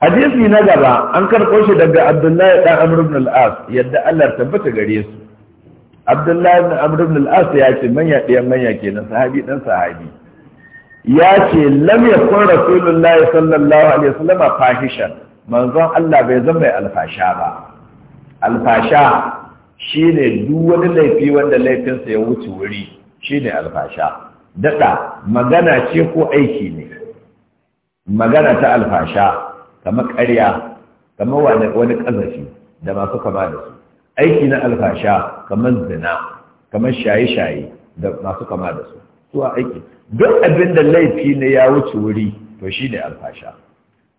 hadisi na gaba an karɓo shi daga abdullahi ɗan amur ibn al yadda Allah tabbata gare su abdullahi ɗan amur ibn al ya ce manya ɗayan manya kenan sahabi ɗan sahabi ya ce lam yakun rasulullahi sallallahu alaihi wasallam fahishan manzon Allah bai zama mai alfasha ba alfasha shine duk wani laifi wanda laifinsa ya wuce wuri shine alfasha daɗa magana ce ko aiki ne magana ta alfasha kamar ƙarya kamar wani ƙazafi da masu kama da su aiki na alfasha kamar zina kamar shaye-shaye da masu kama da su suwa aiki Don abin da laifi ne ya wuce wuri to shi ne alfasha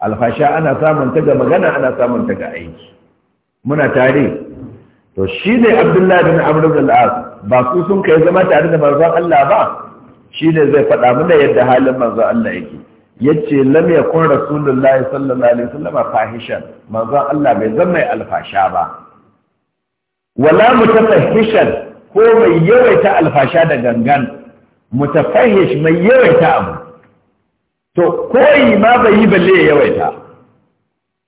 alfasha ana samun ta ga magana ana samun ta ga aiki muna tare to shi ne abdullahi bin amr bin al-as ba su sun kai zama tare da manzon Allah ba shi ne zai faɗa mana yadda halin manzon Allah yake yace lam yakun rasulullahi sallallahu alaihi wasallam fahishan manzon Allah bai zama mai alfasha ba wala mutafahishan ko mai yawaita alfasha da gangan mutafahish mai yawaita abu to koyi ma bai yi balle yawaita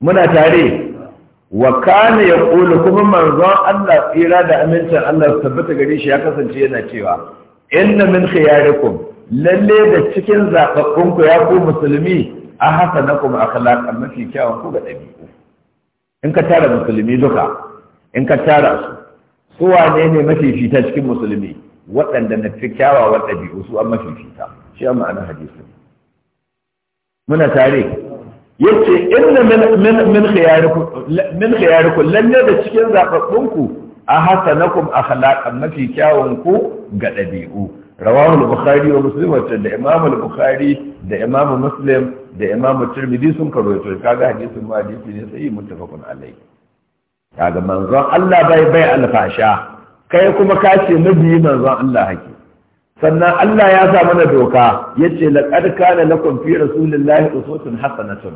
muna tare wa kana ya ƙulu kuma manzon Allah tsira da amincin Allah su tabbata gare shi ya kasance yana cewa inna min khiyarikum lalle da cikin zaɓaɓɓun ku ya ku musulmi a kuma akhlaqan mafi kyawun ku ga ɗabi'u in ka tara musulmi duka in ka tara su su wane ne mafi fita cikin musulmi waɗanda na fi kyawawan ɗabi'u su an mafi fita shi an ma'ana hadisi muna tare yace inna min min khiyarikum min khiyarikum lalle da cikin zaɓaɓɓun ku a kuma akhlaqan mafi kyawun ku ga ɗabi'u rawahu al-bukhari wa muslim wacce da imam al-bukhari da imam muslim da imam tirmidhi sun karwaito kaga hadisin ma hadisi ne sai muttafaqun alayhi kaga manzon Allah bai bai alfasha kai kuma ka ce nabi manzon Allah hake sannan Allah ya sa mana doka yace laqad kana lakum fi rasulillahi uswatun hasanatun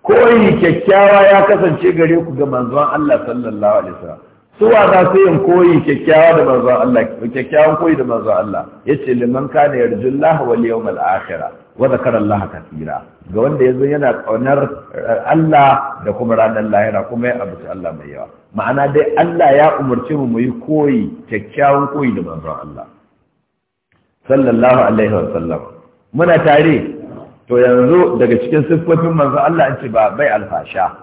koyi kyakkyawa ya kasance gare ku ga manzon Allah sallallahu alaihi wasallam suwa za su yin koyi kyakkyawa da manzon Allah kyakkyawan koyi da manzon Allah yace liman kana yarjullah wal yawmal akhirah wa zakara Allah kathira ga wanda yazo yana kaunar eh, Allah da kuma ranar lahira kuma ya abuci Allah mai yawa ma'ana dai Allah ya umarci mu yi koyi kyakkyawan koyi da manzon Allah sallallahu alaihi wa sallam muna tare to yanzu daga cikin siffofin manzon Allah an ce ba bai alfasha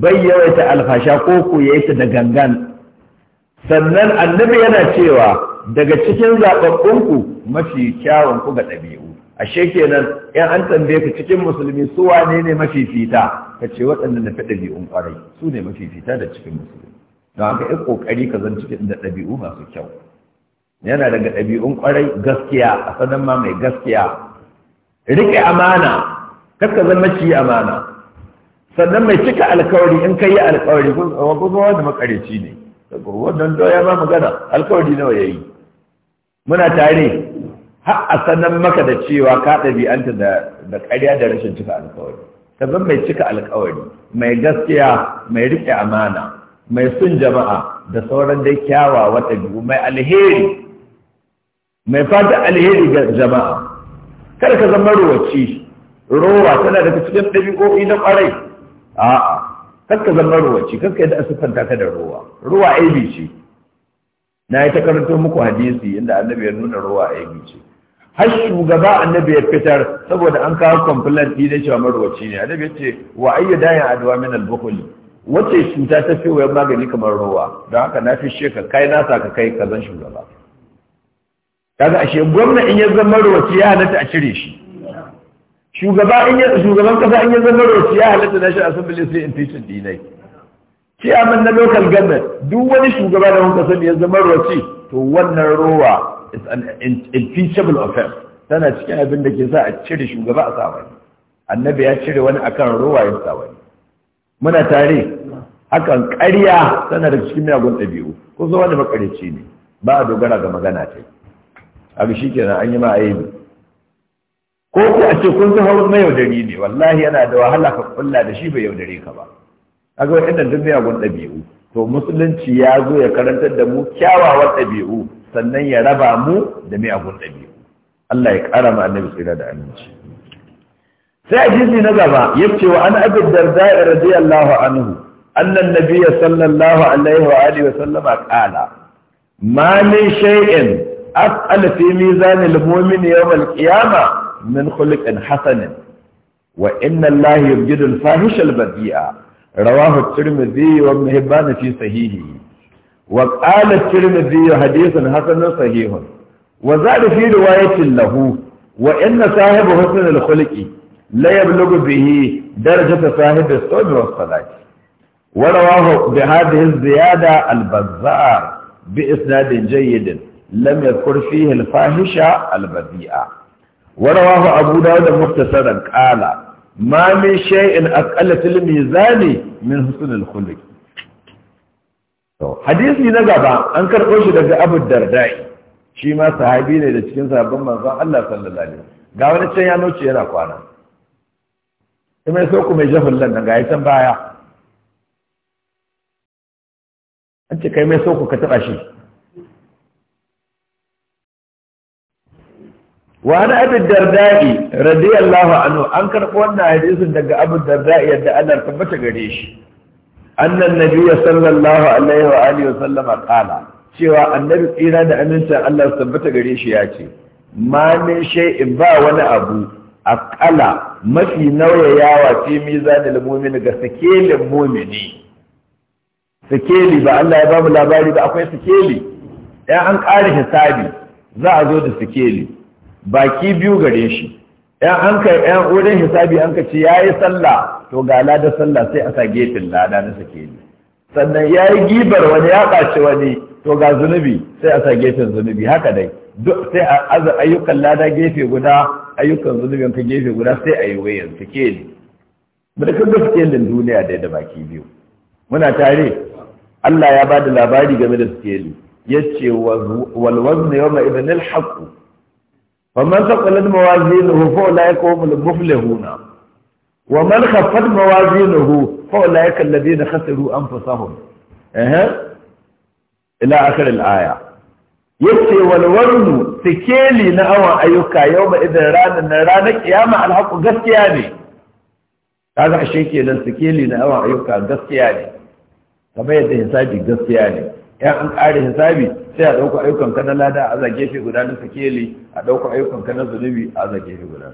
bai yawaita alfasha ko ko ya ta da gangan sannan annabi yana cewa daga cikin zaɓaɓɓunku mafi kyawun ku ga ɗabi'u ashe kenan yan an tambaye ka cikin musulmi su wane ne mafi fita ka ce waɗanda na fi ɗabi'un ƙwarai su ne mafi fita da cikin musulmi don haka yi ƙoƙari ka zan cikin da ɗabi'u masu kyau yana daga ɗabi'un ƙwarai gaskiya a sanan ma mai gaskiya riƙe amana kar ka zan maciyi amana sannan mai cika alkawari in kai alkawari wa kuma makareci ne wannan doya ba magana alkawari nawa yayi muna tare har a sanan maka da cewa ka ɗabi'anta da da ƙarya da rashin cika alkawari sannan mai cika alkawari mai gaskiya mai riƙe amana mai sun jama'a da sauran dai wata ɗabi'u mai alheri mai fata alheri ga jama'a kada ka zama rowaci rowa tana daga cikin ɗabi'o'i na ƙwarai a'a ka zama ruwaci yi yadda asufanta ka da ruwa ruwa aibi ce na yi ta karanto muku hadisi inda annabi ya nuna ruwa aibi ce har shugaba annabi ya fitar saboda an kawo complaint din da cewa marwaci ne annabi ya ce wa ayyu dayin adwa min al-bukhli wace cuta ta fi wayar magani kamar ruwa don haka na fi sheka kai na ka kai ka zan shugaba kaga ashe gwamna in ya zama marwaci ya halatta a cire shi shugaban kasa in ya zama roci ya halatta national assembly sai impeachment dinai chairman na local government duk wani shugaba da wanka sani ya zama to wannan rowa is an impeachable offense tana cikin abin da ke sa a cire shugaba a sa annabi ya cire wani akan rowa ya sa wani muna tare hakan ƙarya tana da cikin miyagun ɗabi'u ko zo wani makarici ne ba a dogara ga magana ta yi abu shi kenan an yi ma aibi ko ku a ce kun na mai yaudari ne wallahi yana da wahala ka kulla da shi bai yaudare ka ba kaga waɗannan duk gun ɗabi'u to musulunci ya zo ya karantar da mu kyawawan ɗabi'u sannan ya raba mu da miyagun ɗabi'u Allah ya ƙara ma annabi tsira da aminci sai a hadisi na gaba ce wa an abi darda radiyallahu anhu annan nabiyya sallallahu alaihi wa alihi wa sallama kala ma min shay'in af'al fi mizanil mu'min yawm al-qiyamah من خلق حسن وإن الله يبجد الفاحش البديع رواه الترمذي وابن حبان في صحيح وقال الترمذي حديث حسن صحيح وزاد في رواية له وإن صاحب حسن الخلق لا يبلغ به درجة صاحب الصوم والصلاة ورواه بهذه الزيادة البزار بإسناد جيد لم يذكر فيه الفاحشة البذيئة ورواه أبو داود مختصرا قال ما من شيء أقل في الميزان من حسن الخلق hadisi na gaba an karɓo shi daga abu dardai shi ma sahabi ne da cikin sahabban manzon Allah sallallahu alaihi ga wani can ya noce yana kwana kuma ya sauku mai jahul lallan, ga yasan baya an ce kai mai ka taɓa shi وعن أبي الدرداء رضي الله عنه أنكر قولنا حديث دقى أبو الدرداء يدعى أن ارتبت قريش أن النبي صلى الله عليه وآله وسلم قال سوى النبي إلى أن أنسى أن ارتبت قريش ياتي ما من شيء با ولا أبو أقل ما في نوع ياوى في ميزان المؤمن كسكيل المؤمنين sikeli ba Allah ya bamu labari ba akwai sikeli ɗan an ƙara hisabi za a zo da sikeli baki biyu gare shi ‘yan an ka ɗan wurin hisabi an ka ce ya yi sallah to ga ladar sallah sai a sa gefen lada na sake ne sannan ya yi gibar wani ya ɓaci wani to ga zunubi sai a sa gefen zunubi haka dai duk sai a aza ayyukan lada gefe guda ayyukan zunubin ka gefe guda sai a yi wayan sake ne da kan ga sake duniya da da baki biyu muna tare Allah ya ba da labari game da sake ne yace wal wazn yawma idhan al haqq ومن تقلد موازينه فأولئك هم المفلحون ومن خفت موازينه فأولئك الذين خسروا أنفسهم اها الى اخر الايه يكفي والورن تكيلي نعوى ايوكا يوم اذا ران نران قيامة الحق قسياني هذا الشيء لن تكيلي نعوى ايوكا قسياني طبعا يدي حسابي قسياني يعني انك عادي حسابي sai a ɗauka ayyukan ka na lada a zage shi guda na sikeli a ɗauka ayyukan ka na zunubi a zage shi guda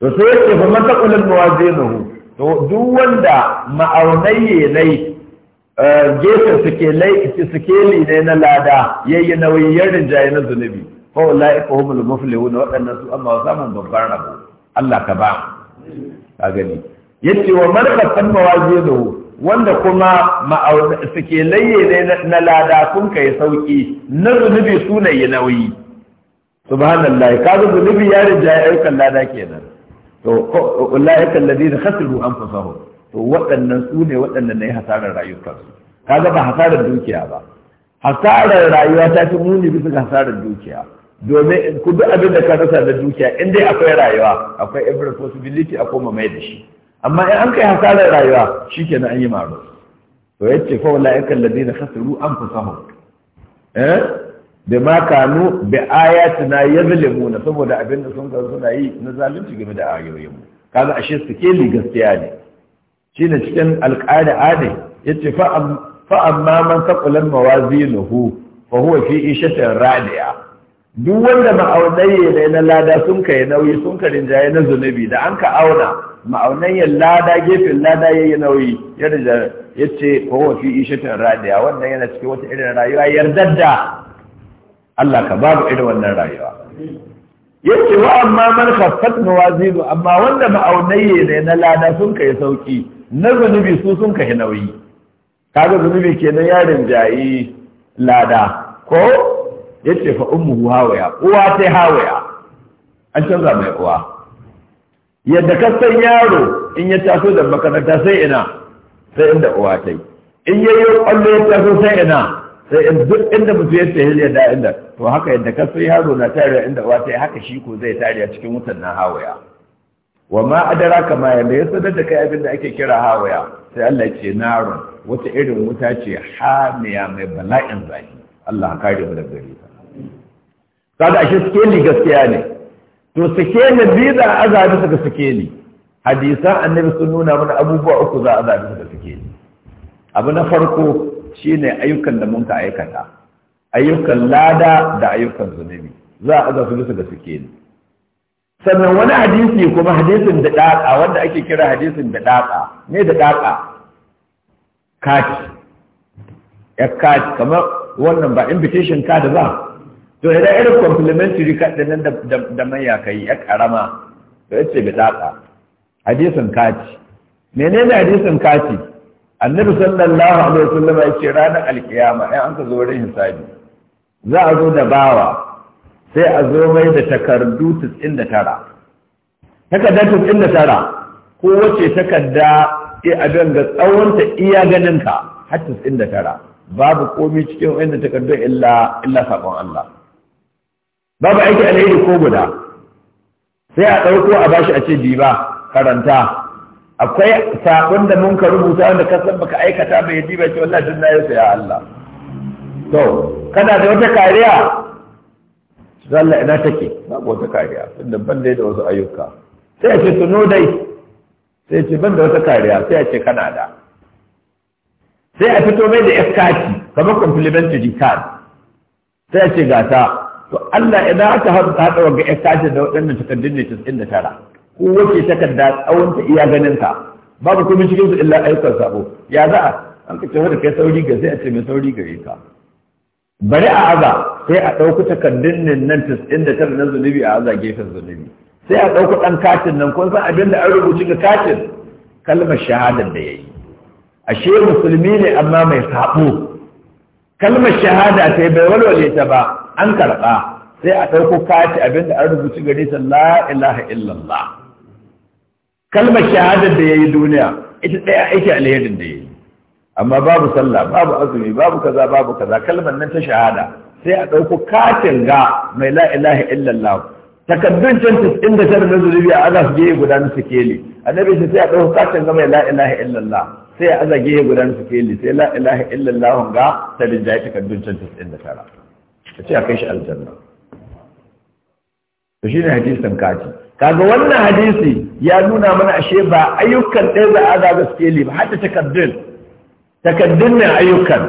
to sai yake fa man taqulul mawazinuhu to duk wanda ma'aunai ne eh, gefen sikeli ne na lada yayi nauyi ya rinjaye na zunubi fa ulaika humul na waɗannan su amma samun babbar rabu Allah ka ba ka gani yace wa man taqulul mawazinuhu wanda kuma suke laye ne na lada sun kai sauki na zunubi su yi nauyi subhanallah ka zo zunubi ya rinjaye ayyukan lada kenan to ulaika alladhina khasiru anfusahum to waɗannan su ne waɗannan ne hasarar rayukansu ga ba hasarar dukiya ba hasarar rayuwa ta fi muni bisa ga hasarar dukiya domin ku duk abin da ka rasa da dukiya in dai akwai rayuwa akwai every possibility a koma mai da shi amma in an kai hasarar rayuwa shi na an yi maro to yace fa ulaika alladhina khasiru da eh bima kanu bi ayatina yazlimuna saboda abin da sun gansu suna yi na zalunci game da ayoyin mu kaga suke li gaskiya ne shi ne cikin alqada ne yace fa fa man saƙulan mawazinuhu fa huwa fi ishatin radiya duk wanda ma'aunaye ne na lada sun kai nauyi sun ka rinjaye na zunubi da an ka auna ma'aunayen lada gefen lada ya yi nauyi ya rinja ya ce kowa fi ishatin radiya wannan yana cikin wata irin rayuwa yardar da Allah ka babu irin wannan rayuwa ya ce wa amma man na mawazinu amma wanda ma'aunaye ne na lada sun kai sauki na zunubi su sun kai nauyi kaga zunubi kenan ya rinjaye lada ko yace fa ummuhu hawaya uwa sai hawaya an canza mai uwa yadda ka san yaro in ya taso da makaranta sai ina sai inda uwa ta yi in ya yi kwallo ya taso sai ina sai in duk inda mutum ya tafi ya da inda to haka yadda ka san yaro na tare inda uwa ta yi haka shi ko zai tare a cikin wutan na hawaya wa ma adara kama ya mai sanar da kai abin da ake kira hawaya sai Allah ce narun wata irin wuta ce hamiya mai bala'in zafi Allah kare mu daga gare ta kaga ashe sikeli gaskiya ne to sikeli biyu za a azabi suka sikeli hadisan annabi sun nuna mana abubuwa uku za a azabi suka sikeli abu na farko shine ayyukan da mun ka aikata ayyukan lada da ayyukan zunubi za a azabi suka sikeli sannan wani hadisi kuma hadisin da daka, wanda ake kira hadisin da daka, ne da daka? kati ya kati kamar wannan ba invitation card ba to idan irin complementary card nan da manya kai ya karama to yace bi daka hadisin kati menene hadisin kati annabi sallallahu alaihi wasallam ya ce ranar alkiyama ai an ka zo wurin hisabi za a zo da bawa sai a zo mai da takardu 99 takarda 99 ko wace takarda e abin ga tsawonta iya ganinka har 99 babu komai cikin wannan takardun illa illa sabon Allah babu aiki alheri ko guda sai a ɗauko a bashi a ce diba karanta akwai sabon da mun ka rubuta wanda ka san baka aikata bai yi ba ce wallahi din na yasa ya Allah to kana da wata kariya Allah ina take babu wata kariya tunda ban da wasu ayyuka sai a ce tuno dai sai ce ban da wata kariya sai a ce kana da sai a fito mai da iskaki kamar complimentary card sai a ce gata to Allah idan aka haɗa wa ga ya tashi da waɗannan takardun ne 99 ko wace takarda tsawon ta iya ganin ka babu kuma cikin su illa ayyukan sabo ya za a an ka cewa da kai sauri ga sai a ce mai sauri gare ka bari a aza sai a ɗauki takardun nan nan 99 na zunubi a aza gefen zunubi sai a ɗauki ɗan katin nan kun san abin da an rubuci ga katin kalmar shahadar da ya yi ashe musulmi ne amma mai sabo kalmar shahada ta bai walwale ta ba an karɓa sai a ɗauko kati abinda an rubuci gare ta la ilaha illallah kalmar shahadar da ya yi duniya ita ɗaya aiki alherin da ya amma babu sallah babu azumi babu kaza babu kaza kalmar nan ta shahada sai a ɗauko katin ga mai la ilaha illallah takaddun can inda ta da zulubi a aza su je guda na sikeli annabi shi sai a ɗauko katin ga mai la ilaha illallah sai a aza gehe guda na sikeli sai la ilaha illallah ga ta rinjaye takaddun can inda tara ka ce a kai shi aljanna to shine hadisin kaji kaga wannan hadisi ya nuna mana ashe ba ayyukan ɗaya za a zaga skeli ba hatta takaddun takaddun ne ayyukan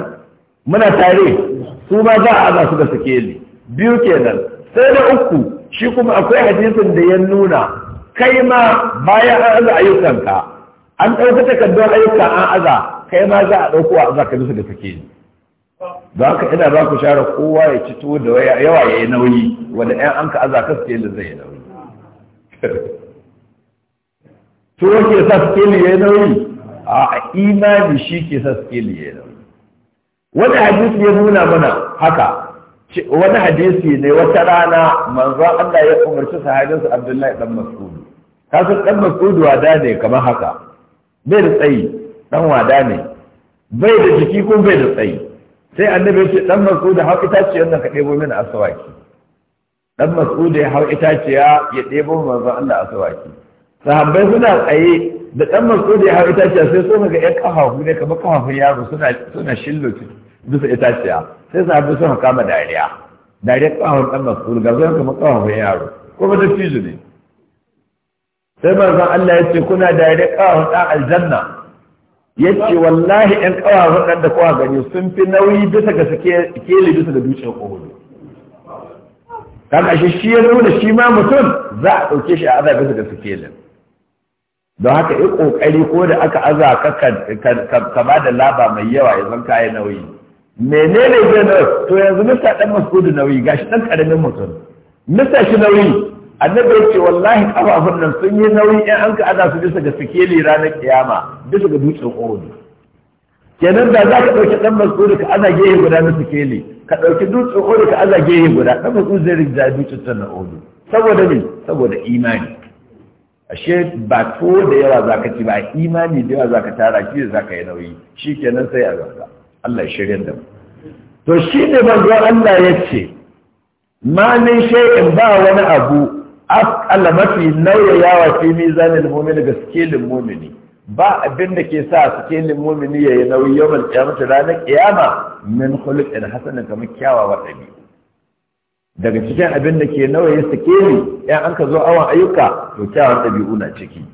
muna tare su ma za a za su da skeli biyu kenan sai da uku shi kuma akwai hadisin da ya nuna kai ma bayan an aza ayyukanka an ɗauka takardun ayyuka an aza kai ma za a ɗauko a aza ka bisa da skeli don haka ina ba ku share kowa ya ci tuwo da yawa ya yi nauyi wanda ɗan an ka aza kasu da zai yi nauyi tuwo ke sa skeli ya yi nauyi a imani shi ke sa skeli ya yi nauyi wani hadisi ya nuna mana haka wani hadisi ne wata rana manzon Allah ya umarci su Abdullahi dan Mas'ud kasan dan Mas'ud wada ne kamar haka bai da tsayi dan wada ne bai da jiki ko bai da tsayi sai annabi ya ce dan mas'ud hau itaciya nan ka ɗebo mini asawaki dan mas'ud ya hau itaciya ya ɗebo manzon Allah asawaki sahabbai suna tsaye da dan mas'ud ya hau itaciya sai so ga ƴan kafafu ne kamar kafafun yaro suna suna shillo bisa itaciya sai sahabbai suna kama dariya dariya kafafun dan mas'ud ga zan kamar kafafun yaro ko ba da fizu ne sai manzon Allah ya ce kuna dariya kafafun dan aljanna yace wallahi ɗan ƙawa nan da kowa gani sun fi nauyi bisa ga kele bisa ga dutsen ƙohodo kaga shi shi ya nuna shi ma mutum za a ɗauke shi a aza bisa ga sikelin don haka yi ƙoƙari ko da aka aza ka ba da laba mai yawa ya zan kayan nauyi menene zai nauyi to yanzu mista ɗan masudu nauyi gashi ɗan ƙaramin mutum mista shi nauyi annabi ya ce wallahi kafafun nan sun yi nauyi in an ka ana su bisa ga sikeli ranar kiyama bisa ga dutsen uhud kenan da za ka ɗauki ɗan mas'udu ka ana gehe guda na sikeli ka ɗauki dutsen uhud ka ana gehe guda ɗan mas'udu zai rigza dutsen ta na uhud saboda ne saboda imani ashe ba to da yawa za ka ci ba imani da yawa za ka tara shi za ka yi nauyi shi kenan sai a zarta Allah ya shirya da mu to shi ne manzo Allah ya ce ma min shay'in ba wani abu Allah mafi nauyayawa fi mizanin mu'mini ga sikelin mu'mini ba abin da ke sa sikelin mu'mini yayi nauyi yawan kiyamata ranar kiyama min khuluqin hasanin kamar kyawawa ɗabi'u daga cikin abin da ke nauyi sikeli yan an ka zo awon ayyuka to kyawawan ɗabi'u na ciki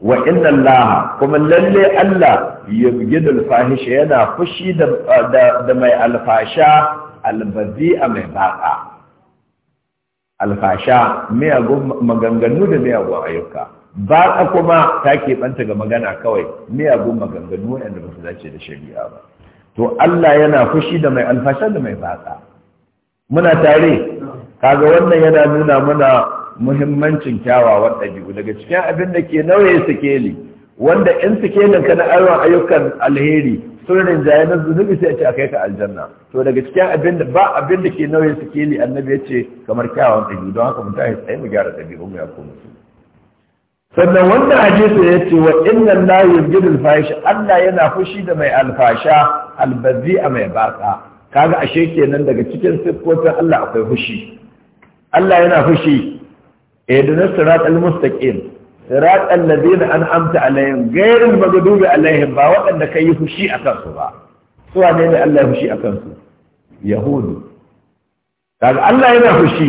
wa inna allaha kuma lalle Allah yubghidul fahisha yana fushi da da mai alfasha a mai baƙa. alfasha miyagun maganganu da miyagun ayyuka ba a kuma ta keɓanta ga magana kawai miyagun maganganu wanda ba su dace da shari'a ba to Allah yana fushi da mai alfasha da mai batsa muna tare kaga wannan yana nuna mana muhimmancin kyawawan ɗabi'u daga cikin abin da ke nauye sikeli wanda in sikelin ka na ayyukan alheri sun rinjaye na zunubi sai a ce a kai ka aljanna to daga cikin abin da ba abin da ke nauyin sikeli annabi ya ce kamar kyawun ɗabi don haka mu tashi tsaye mu gyara ɗabi mu ya komo su sannan wannan hadisi ya ce wa innan la yurjidul fahisha Allah yana fushi da mai alfasha albazi a mai baka kaga ashe kenan daga cikin siffofin Allah akwai fushi Allah yana fushi eh da al mustaqim sirat allazina an'amta alaihim ghayril maghdubi alaihim ba waɗanda kai yi fushi akan su ba su wane ne Allah ya fushi akan su yahudu kaga Allah yana fushi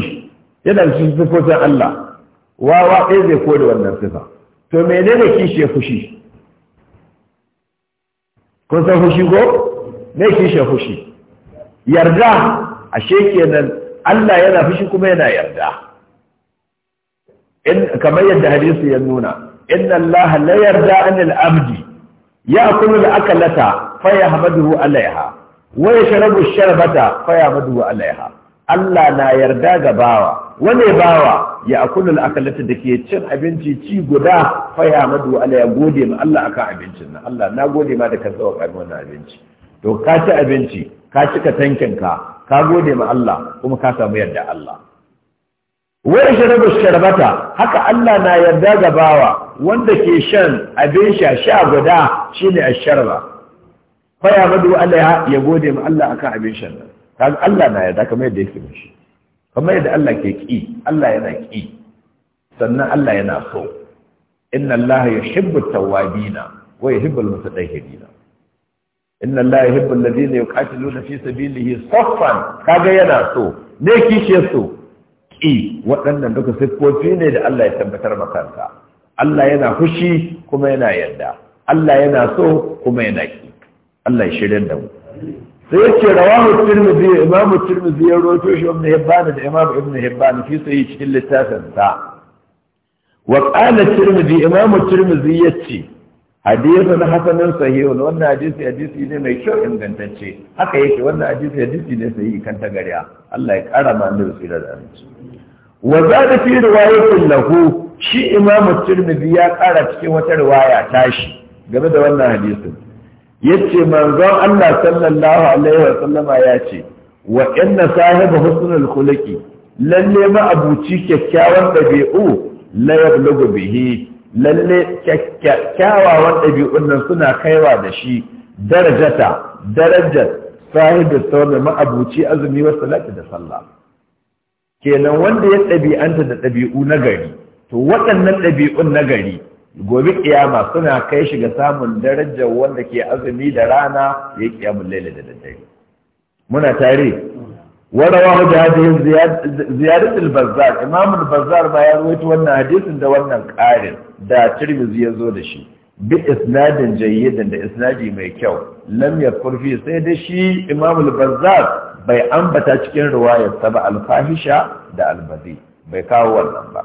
yana cikin sifofin Allah wawa ɗaya zai kore wannan sifa to menene kishi fushi kun san fushi ko me kishi fushi yarda ashe kenan Allah yana fushi kuma yana yarda in kamar yadda hadisi ya nuna inna allaha la yarda al abdi ya'kulu al-akalata fa yahmaduhu alaiha wa yashrabu ash-sharbata fa yahmaduhu alaiha Allah na yarda ga bawa wane bawa ya al akalata da ke cin abinci ci guda fa yahmaduhu alaiha gode ma Allah aka abincin nan Allah na gode ma da ka tsawa kan wannan abinci to ka ci abinci ka cika tankin ka ka gode ma Allah kuma ka samu yarda Allah wa yashrabu sharbata haka Allah na yarda ga bawa wanda ke shan abin sha sha guda shine asharba fa ya madu Allah ya gode ma Allah akan abin shan nan kaga Allah na yarda kamar yadda yake mishi kamar yadda Allah ke ki Allah yana ki sannan Allah yana so inna Allah yuhibbu tawwabina wa yuhibbu almutatahhirina inna Allah yuhibbu alladhina yuqatiluna fi sabilihi saffan kaga yana so ne kishi so ƙi waɗannan duka siffofi ne da Allah ya tabbatar makansa Allah yana kushi kuma yana yarda Allah yana so kuma yana ƙi Allah ya shirin da mu sai ya yace rawahu tirmidhi imamu tirmidhi ya rawaito shi ibn hibban da imamu ibn hibban fi sahih cikin littafin sa wa qala tirmidhi imamu tirmidhi yace na hasanin sahihun wannan hadisi hadisi ne mai kyau ingantacce haka yake wannan hadisi hadisi ne sai kan ta gariya Allah ya kara ma annabi sai da aminci wa zada fi riwayatin lahu shi imam tirmidhi ya kara cikin wata riwaya tashi game da wannan hadisin yace manzon Allah sallallahu alaihi wa sallama ya ce wa inna sahiba husnul khuluqi lalle ma abuci kyakkyawan dabi'u la yablugu bihi lalle kyakkyawawan ɗabi'un nan suna kaiwa da shi darajata darajar sahibin sauran ma'abuci azumi wasu salati da sallah kenan wanda ya ɗabi'anta da ɗabi'u na gari to waɗannan ɗabi'un na gari gobe kiyama suna kai shi ga samun darajar wanda ke azumi da rana ya yi kiyamun laila da daddare muna tare warawa da hadisin ziyarar albazar imam albazar ba ya ruwaito wannan hadisin da wannan ƙarin da tirmizi ya zo da shi bi isnadin jayyidin da isnadi mai kyau lam ya furfi sai da shi imam al bai ambata cikin riwayar sa ba al da al bai kawo wannan ba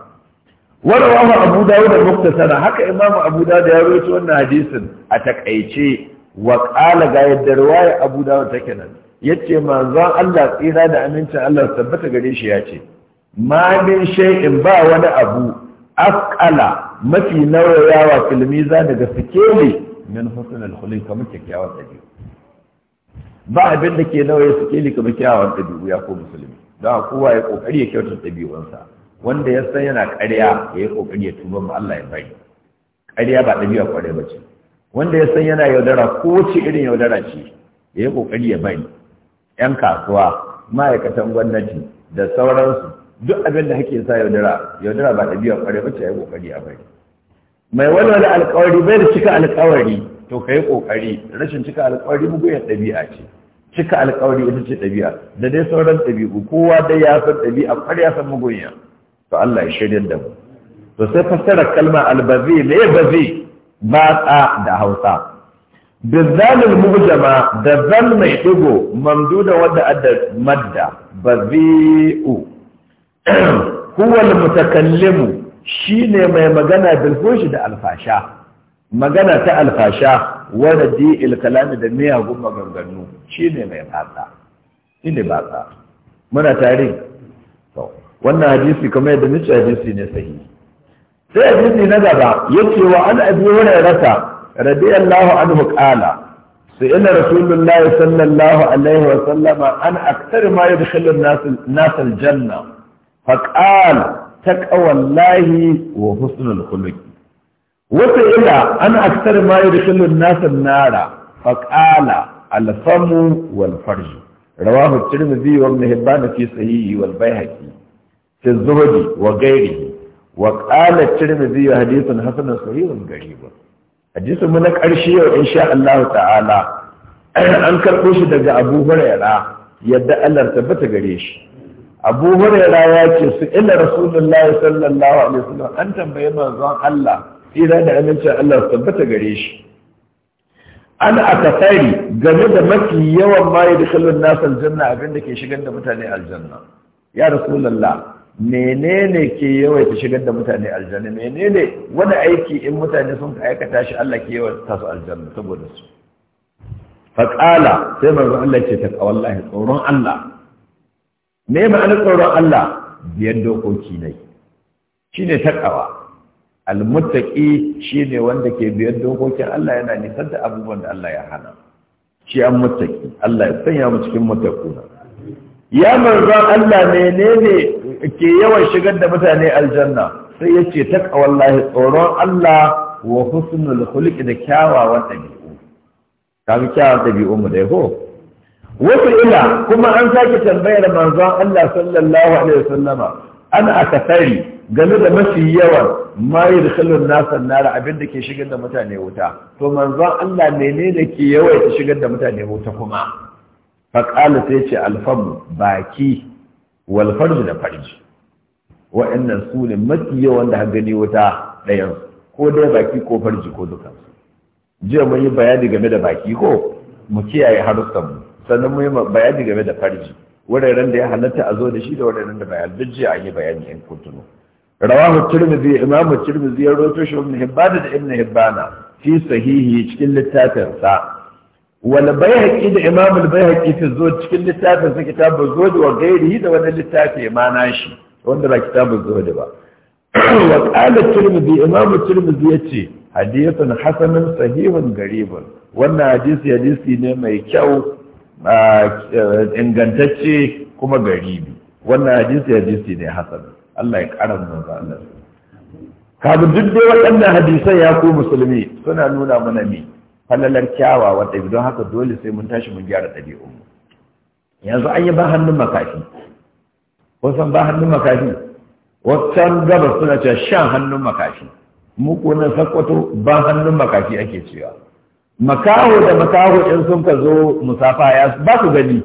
wa rawahu abu dawud al-muktasara haka imam abu dawud ya rawaito wannan hadisin a takaice wa qala ga yadda riwaya abu dawud take nan yace manzon Allah tsira da amincin Allah tabbata gare shi yace ma min shay'in ba wani abu akala mafi filmi za daga ne min husn al-khuluq kamar kyakkyawan ɗabi'u ba abin da ke nawaye sikeli kamar kyakkyawan dabi'u ya ko musulmi da kowa ya kokari ya kyautata dabi'unsa wanda ya san yana ƙarya ya yi kokari ya tuba ma Allah ya bari ƙarya ba dabi'a kwarai ba ce wanda ya san yana yaudara ko ce irin yaudara ce ya yi kokari ya bari yan kasuwa ma'aikatan gwamnati da sauransu duk abin da hake sa yaudara yaudara ba da biyan ba ce ya yi ƙoƙari a bari mai walwala alƙawari bai da cika alƙawari to ka yi ƙoƙari rashin cika alƙawari muguyan ɗabi'a ce cika alƙawari ita ce ɗabi'a da dai sauran ɗabi'u kowa dai ya san ɗabi'a ƙwar ya san mugunya to Allah ya shirya da mu to sai fassarar kalma albazi ya bazi ba tsa da hausa bizzalul mujama da zan mai digo mamduda wanda adda madda bazi'u huwal mutakallimu shine mai magana bil fushi da alfasha magana ta alfasha wa radi'il kalami da miyagun maganganu shine mai fata shine ba muna tare to wannan hadisi kamar yadda mutu hadisi ne sahihi sai hadisi na gaba yace wa an abi rasa, radiyallahu anhu qala سئل رسول sallallahu alaihi wa عليه an aktar أكثر ما يدخل الناس, الناس الجنة فقال تقوى الله وحسن الخلق وسئل انا أكثر ما يدخل الناس النار فقال الفم والفرج رواه الترمذي وابن هبان في صحيحه والبيهقي في الزهد وغيره وقال الترمذي حديث حسن صحيح غريب حديث من قرشي ان شاء الله تعالى an karɓo shi ابو هريره huraira الله Allah tabbata abu huraira ya ce su ila rasulullahi sallallahu alaihi wasallam an tambaye manzon Allah tsira da amincin Allah tabbata gare shi an aka akasari game da mafi yawan ma da dukkanin nasa aljanna abinda ke shigar da mutane aljanna ya rasulullah menene ke yawaita shigar da mutane aljanna menene wani aiki in mutane sun aikata shi Allah ke yawaita su aljanna saboda su faqala sai manzo Allah ce ta wallahi tsoron Allah me ma'anar tsoron Allah biyan dokoki ne shine takawa shi ne wanda ke biyan dokokin Allah yana nisan da abubuwan da Allah ya hana shi an muttaqi Allah ya sanya mu cikin mutakuna ya manzo Allah menene ke yawan shigar da mutane aljanna sai ya ce yace wallahi tsoron Allah wa husnul khuluq da kyawawan dabi'u fi kyawawan dabi'u mu dai ko wasu ila kuma an sake tambayar manzon Allah sallallahu alaihi wasallama an akasari game da mafi yawan ma yadkhulun nasar nara abin da ke shigar da mutane wuta to manzon Allah menene ke yawai yawaita shigar da mutane wuta kuma qala sai ce alfam baki wal farj da farji wa'annan su ne mafi yawan da gani wuta ɗayan ko dai baki ko farji ko dukansu jiya mun yi bayani game da baki ko mu kiyaye harsunan mu sannan mu yi bayani game da farji wuraren da ya halatta a zo da shi da wuraren da bayan duk jiya an yi bayani in kuntuno rawahu tirmidhi imamu tirmidhi ya rawaito shi ibn hibban da ibn hibbana fi sahihi cikin littafin sa wal bayhaqi da imamu al bayhaqi fi zo cikin littafin sa kitabu zuhd wa ghairihi da wannan littafi ma shi. wanda ba kitabu zuhd ba wa qala tirmidhi imamu tirmidhi yace hadithun hasanun sahihun garibun wannan hadisi hadisi ne mai kyau ingantacce kuma garibi wannan hadisi hadisi ne hasan Allah ya ƙara manzo Allah Kabin duk dai waɗannan hadisai ya ku musulmi suna nuna mana mi falalar kyawa ɗabi don haka dole sai mun tashi mun gyara ɗabi'un mu yanzu an yi ba hannun makafi wasan ba hannun makafi wasan gabas suna cewa shan hannun makafi mu ko sakwato ba hannun makafi ake cewa makaho da makaho in sun ka zo musafa ya ba su gani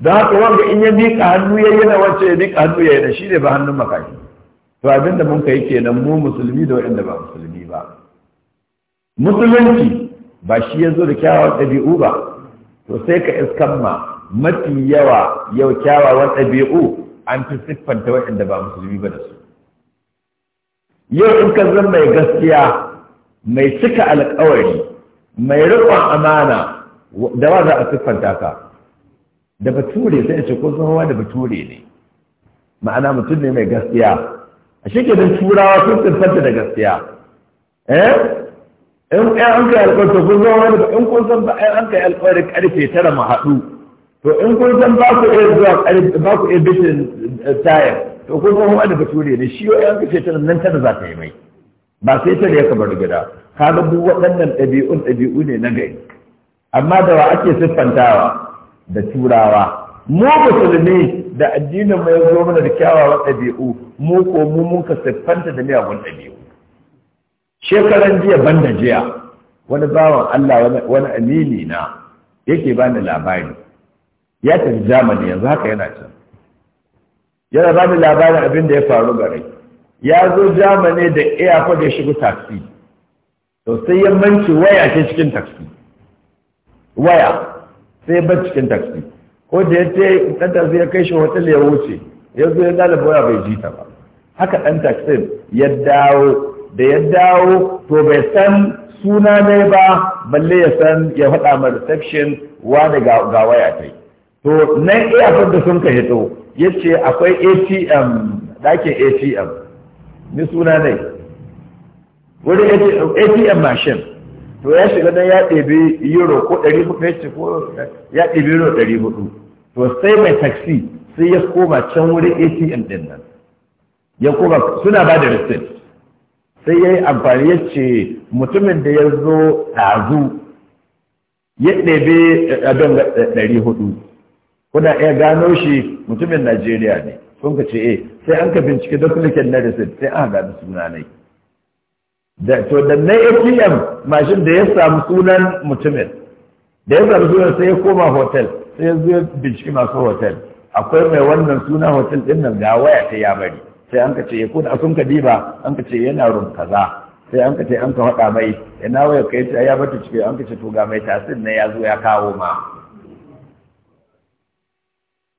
don haka wanda in ya miƙa hannu ya yi na wacce ya miƙa hannu ya yi na shi ne ba hannun makashi to abin da mun kai kenan mu musulmi da waɗanda ba musulmi ba musulunci ba shi ya zo da kyawawan ɗabi'u ba to sai ka iskan ma mafi yawa yau kyawawan ɗabi'u an fi siffanta waɗanda ba musulmi ba da su yau in ka zan mai gaskiya mai cika alkawari mai riƙon amana da ba za a siffanta ka da bature sai ce ko tsohuwa da bature ne ma'ana mutum ne mai gaskiya a shi don turawa sun siffanta da gaskiya eh in ɗan an kai alƙawarta kun zama wani in kun san ba an kai alƙawarin ƙarfe tara mu haɗu to in kun san ba ku iya zuwa ba ku iya bishin eh, tayar to kun san wani bature ne shi yau an kace tara nan tara za ta yi mai ba sai ta ya kamar gida ka ga duk waɗannan ɗabi'un ɗabi'u ne na gari amma da wa ake siffantawa da turawa mu musulmi da addinin mu ya zo mana da kyawawan ɗabi'u mu ko mu mun ka siffanta da miyagun ɗabi'u shekaran jiya ban da jiya wani bawan Allah wani amini na yake bani labari ya tafi Jamani yanzu haka yana can yana bani labarin abin da ya faru gare ya zo jamani da iyafa da shigo taksi to sai ya manci waya ke cikin taksi waya sai ba cikin taksi ko da ya ce ɗan ya kai shi hotel ya wuce ya zo ya dala waya bai ji ta ba haka ɗan taksi ya dawo da ya dawo to bai san suna ne ba balle ya san ya faɗa ma reception wani ga waya ta to nan iyakar da sun ka hito yace akwai atm dakin atm ni suna ne wurin atm machine to ya shiga don ya ɗebi euro ko ɗari hudu ya ce ko ya ɗebi euro ɗari hudu to sai mai taxi sai ya koma can wurin atm ɗin nan ya koma suna ba da receipt sai ya yi amfani ya ce mutumin da ya zo ɗazu ya ɗebe eh, abin eh, ɗari hudu kuna iya gano shi mutumin najeriya ne sun ka ce eh sai an ka bincike dokulikin na risit sai an haɗa da suna ne da to da na ATM mashin da ya samu sunan mutumin da ya samu sunan sai ya koma hotel sai ya zo bincike masu hotel akwai mai wannan sunan hotel din nan ga waya ta ya bari sai an ka ce ya eh, kuna sun ka diba an ka ce yana rum kaza sai an ka ce an ka faɗa mai yana waya kai ta ya bata cike an ka ce to ga mai tasirin na ya zo ya kawo ma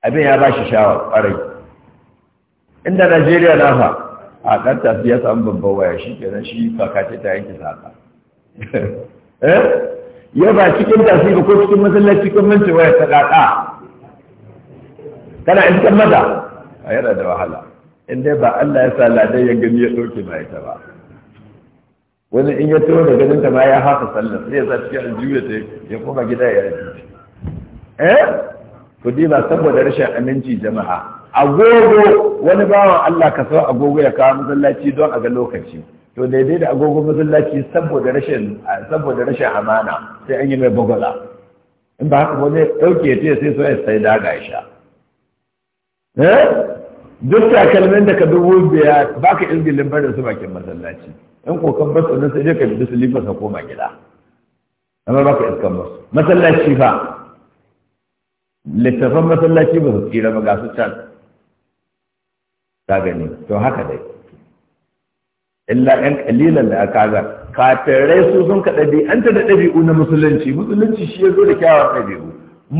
abin ya ba shi shawar ƙwarai inda najeriya na fa a ɗan ya samu babban waya shi nan shi kakace ta yanki saka eh? ya ba cikin tasiri ko cikin masallaci cikin minti waya ta ƙaƙa. kana iskan maza a yana da wahala in dai ba Allah ya sa ladai ya gani ya ɗauke ba ita ba wani in ya tura da ganin ta ma ya haka sallar sai ya sa cikin aljiyu ta ya koma gida ya yi eh kudi ba saboda rashin aminci jama'a agogo wani bawan Allah ka sau agogo ya kawo masallaci don a ga lokaci to daidai da agogo masallaci saboda rashin saboda rashin amana sai an yi mai bugola in ba haka wani ɗauke ta sai so ya sai ga sha eh? duk takalmin da ka dubu biya ba ka izgilin barin su bakin masallaci in kan basu nan sai dai ka bi su lifa ka koma gida amma ba ka iskan basu masallaci ba littafan masallaci ba su tsira ba ga su can ka gani to haka dai illa ɗan ƙalilan da aka ga kafirai su sun ka ta da ɗabi'u na musulunci musulunci shi ya zo da kyawar ɗabi'u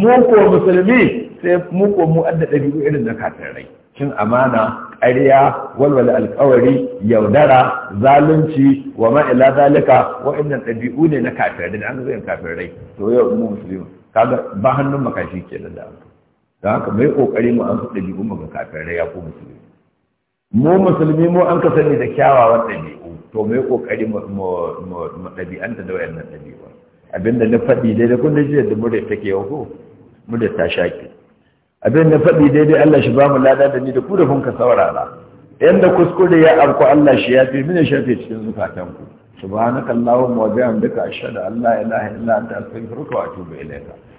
mu ko musulmi sai mu ko mu da ɗabi'u irin na kafirai cin amana ƙarya walwala alƙawari yaudara zalunci wa ma'ila zalika wa'annan ɗabi'u ne na kafirai da an yin kafirai to yau mu musulmi kaga ba hannun makashi ke da an don haka mai ƙoƙari mu an su ɗabi'u mu ga kafirai ya ko musulmi mu musulmi mu an ka sani da kyawawan ɗabi'u to mai ƙoƙari mu ɗabi'anta da wayannan ɗabi'u abinda na faɗi daidai kun da jiya da murya ke yau ko murya ta shaƙi abin da faɗi daidai Allah shi ba mu lada da ni da ku da kun ka saurara yadda kuskure ya abku Allah shi ya fi mini shafe cikin zukatan ku subhanakallahumma wa bihamdika ashhadu an la ilaha illa anta astaghfiruka wa atubu ilayka